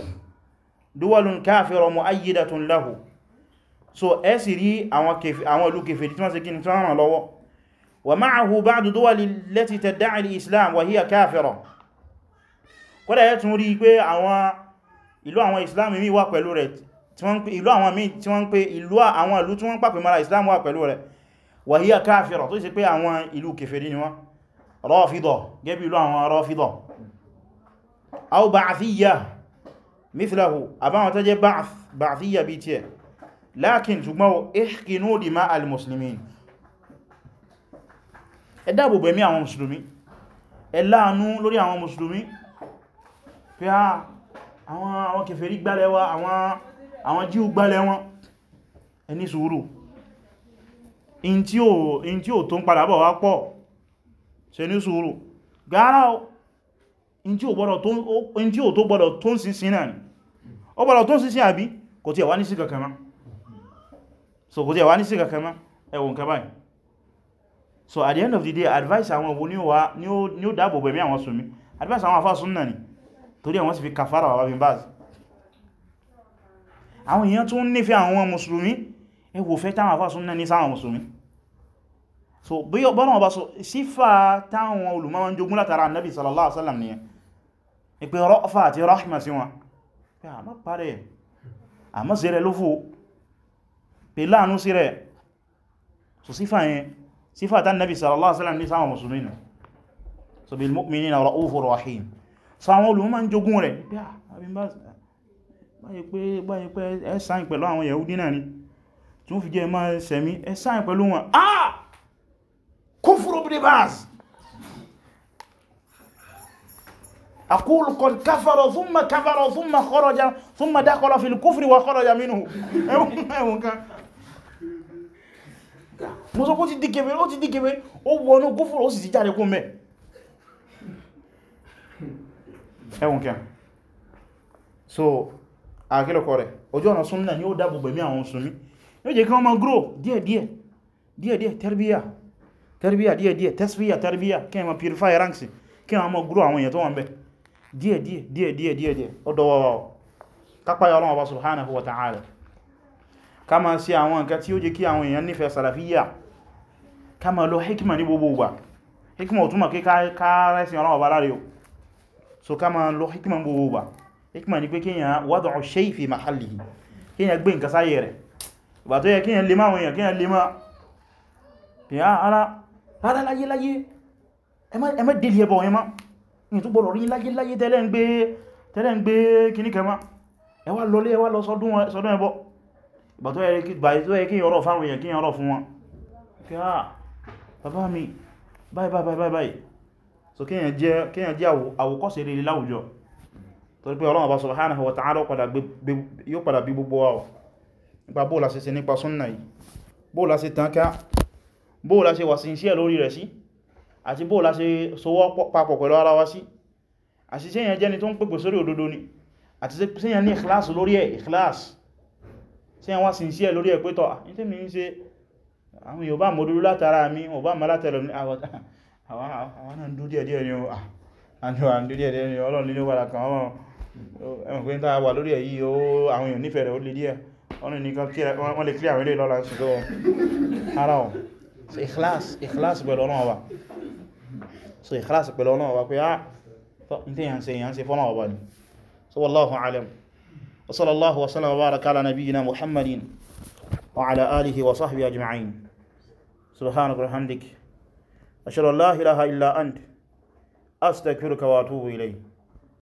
duwalun kafira mu'ayyidatun lahu so ẹ sì rí àwọn ìlú kèfèrí tí wọ́n ṣe kí wa ma'ahu ba'du duwali lati tadda'i al-islam wa hiya kafira kódà yẹ́ tún rí pé ìlú àwọn islam mi wà pẹ̀lú rẹ̀ ìlú àwọn mi tí wọ́n ń pè ìlú àwọn ìlú tí wọ́n pàpè mara islam wà pẹ̀lú rẹ̀ wàhíyà káàfìrà tó sì pé àwọn ìlú kèfèrí ni wọ́n rọ́fídọ̀ gẹ́bí ìlú àwọn rọ́fídọ̀ au ba'athiyya mithlahu àbáwọn tó jẹ́ ba'athiyya bí tí ẹ̀ lákin ṣùgbọ́n ihkinu dima ẹ̀mí àwọn musulmi ẹ lórí àwọn musulmi fi ha àwọn kèfèrí gbálẹ̀ wa àwọn jíù gbálẹ̀ wọn ẹni sùúrù in tí ó tó ń padà bọ̀ wá pọ̀ ṣe ní sùúrù gáárá in tí ó tó gbọ́dọ̀ tó ń sínsín náà ni ó gbọ́dọ̀ tó ń sínsín àbí kò tí ẹ̀wà ní sí kankan so kò tí ẹ̀wà ní sí kankan mọ́ ẹwọ̀n báyìí so at the end of the day advice àwọn òwò ní ó dáàbò bẹ̀mí àwọn sùnmí advice àwọn afá sún náà ni torí àwọn sì fi kàfàrà wà bí báz àwọn èèyàn tún nífẹ́ àwọn mùsùlùmí ẹwò fẹ́ táwọn àfáà súnnà ní sáwọn mùsùlùmí so bí ọ̀bọ̀nà ọba sífà táwọn olùmọ́wọ́n jogún látara annabi sallallahu alaihi wasallam nìyẹn ìpé rọ́fà àti rahma sí wọn pé àmọ́ parẹ́ àmọ́ sí rẹ̀ ló fò pé láàánú sí rẹ̀ so sífà yẹn sífà tán annabi sallallahu alaihi wasallam so bil mu'minina ra'ufur rahim so àwọn olùmọ̀ ma ń jogún rẹ̀ pé báyìí pé ẹ sáyìn pẹ̀lú àwọn Yahudi náà ni tí wọ́n fi jẹ́ ma sẹ̀mí ẹ sáyìn pẹ̀lú wọn ah kufru ibn Baz aqul qad kafara thumma kafara thumma kharaja thumma dakhala fil kufri wa kharaja minhu ẹwọ̀n kan mo sọ ti dìkẹ̀wé ó ti dìkẹ̀wé ó wọnú kúfùrù ó sì ti jáde kún mẹ́ ẹwùn kẹ so àkílọ̀kọ́ rẹ̀ ojú ọ̀nà súnnà ni ó dáàbò gbẹ̀mí àwọn mùsùlùmí yóò jẹ́ kí wọ́n máa grow díẹ̀díẹ̀ díẹ̀díẹ̀ tẹ́rbíyà tẹ́rbíyà díẹ̀díẹ̀ tẹ́sbíyà tẹ́rbíyà kí wọ́n máa purify ranks kí wọ́n máa grow àwọn èèyàn tó wọ́n bẹ̀ díẹ̀díẹ̀ díẹ̀díẹ̀ díẹ̀díẹ̀ ọdọ́wọ́wọ́ kápáyà ọlọ́wọ́ bá subhanahu wa ta'ala ká máa ṣe àwọn nǹkan tí ó jẹ́ kí àwọn èèyàn nífẹ̀ẹ́ sàràfíyà ká máa lo hikima ní gbogbo ìgbà hikima ò túnmọ̀ kí ká rẹ́sìn ọlọ́wọ́ bá so ká ma lọ hikima gbogbo gbà hikima ni pé kíyàn wad'u shay fi mahallihi kíyàn gbé nǹkan sáyẹ̀ rẹ̀ ìgbà tó yẹ kíyàn lè máa wọ̀nyàn kíyàn lè máa pìyà ah, ara rárá láyé láyé ẹmẹ́ dìlì ẹbọ̀ ẹmá ní tó gbọ́rọ̀ rí láyé láyé tẹ́lẹ̀ ń gbé tẹ́lẹ̀ ń gbé kìníkẹmá ẹwà lọlé ẹwà lọ sọdún ẹbọ ìgbà tó yẹ kíyàn ọ̀rọ̀ fáwọn èèyàn so kíyàn jẹ́ àwòkọ́ṣe rere láwùjọ torí pé Ọlọ́run Ọba subhanahu wa ta'ala yóò padà bí gbogbo wa nípa bóòlá sí nípa súnnà yìí bóòlá sí tanká bóòlá sí wà sí iṣẹ́ lórí rẹ̀ sí àti bóòlá sí sowọ́ papọ̀ pẹ̀lú ara wa sí àti síyàn jẹ́ni tó ń pèpè sórí òdodo ni àti síyàn ní ìkìláàsì lórí ẹ̀ ìkìláàsì síyàn wá sí iṣẹ́ lórí ẹ̀ pẹ́tọ̀ àwọn náà ń dú díẹ̀díẹ̀ ni ó àjọwà ń dú díẹ̀díẹ̀ ni ọlọ́run nílé wà lákan ọmọ ẹ̀mùkú níta wà lórí èyí àwọn èèyàn nífẹ̀ẹ́ rẹ̀ ó lè díẹ̀ wọ́n lè kí àwọn ilé lọ́la ṣùgbọ́ ara ọ̀ so ikhlas pẹ̀lú ọlọ́run ọba so ikhlas pẹ̀lú ọlọ́run ọba pé á ní tí yàn se yàn se fọ́nà ọba ni so wallahu أشهد أن لا إله إلا أنت أستغفرك وأتوب إليك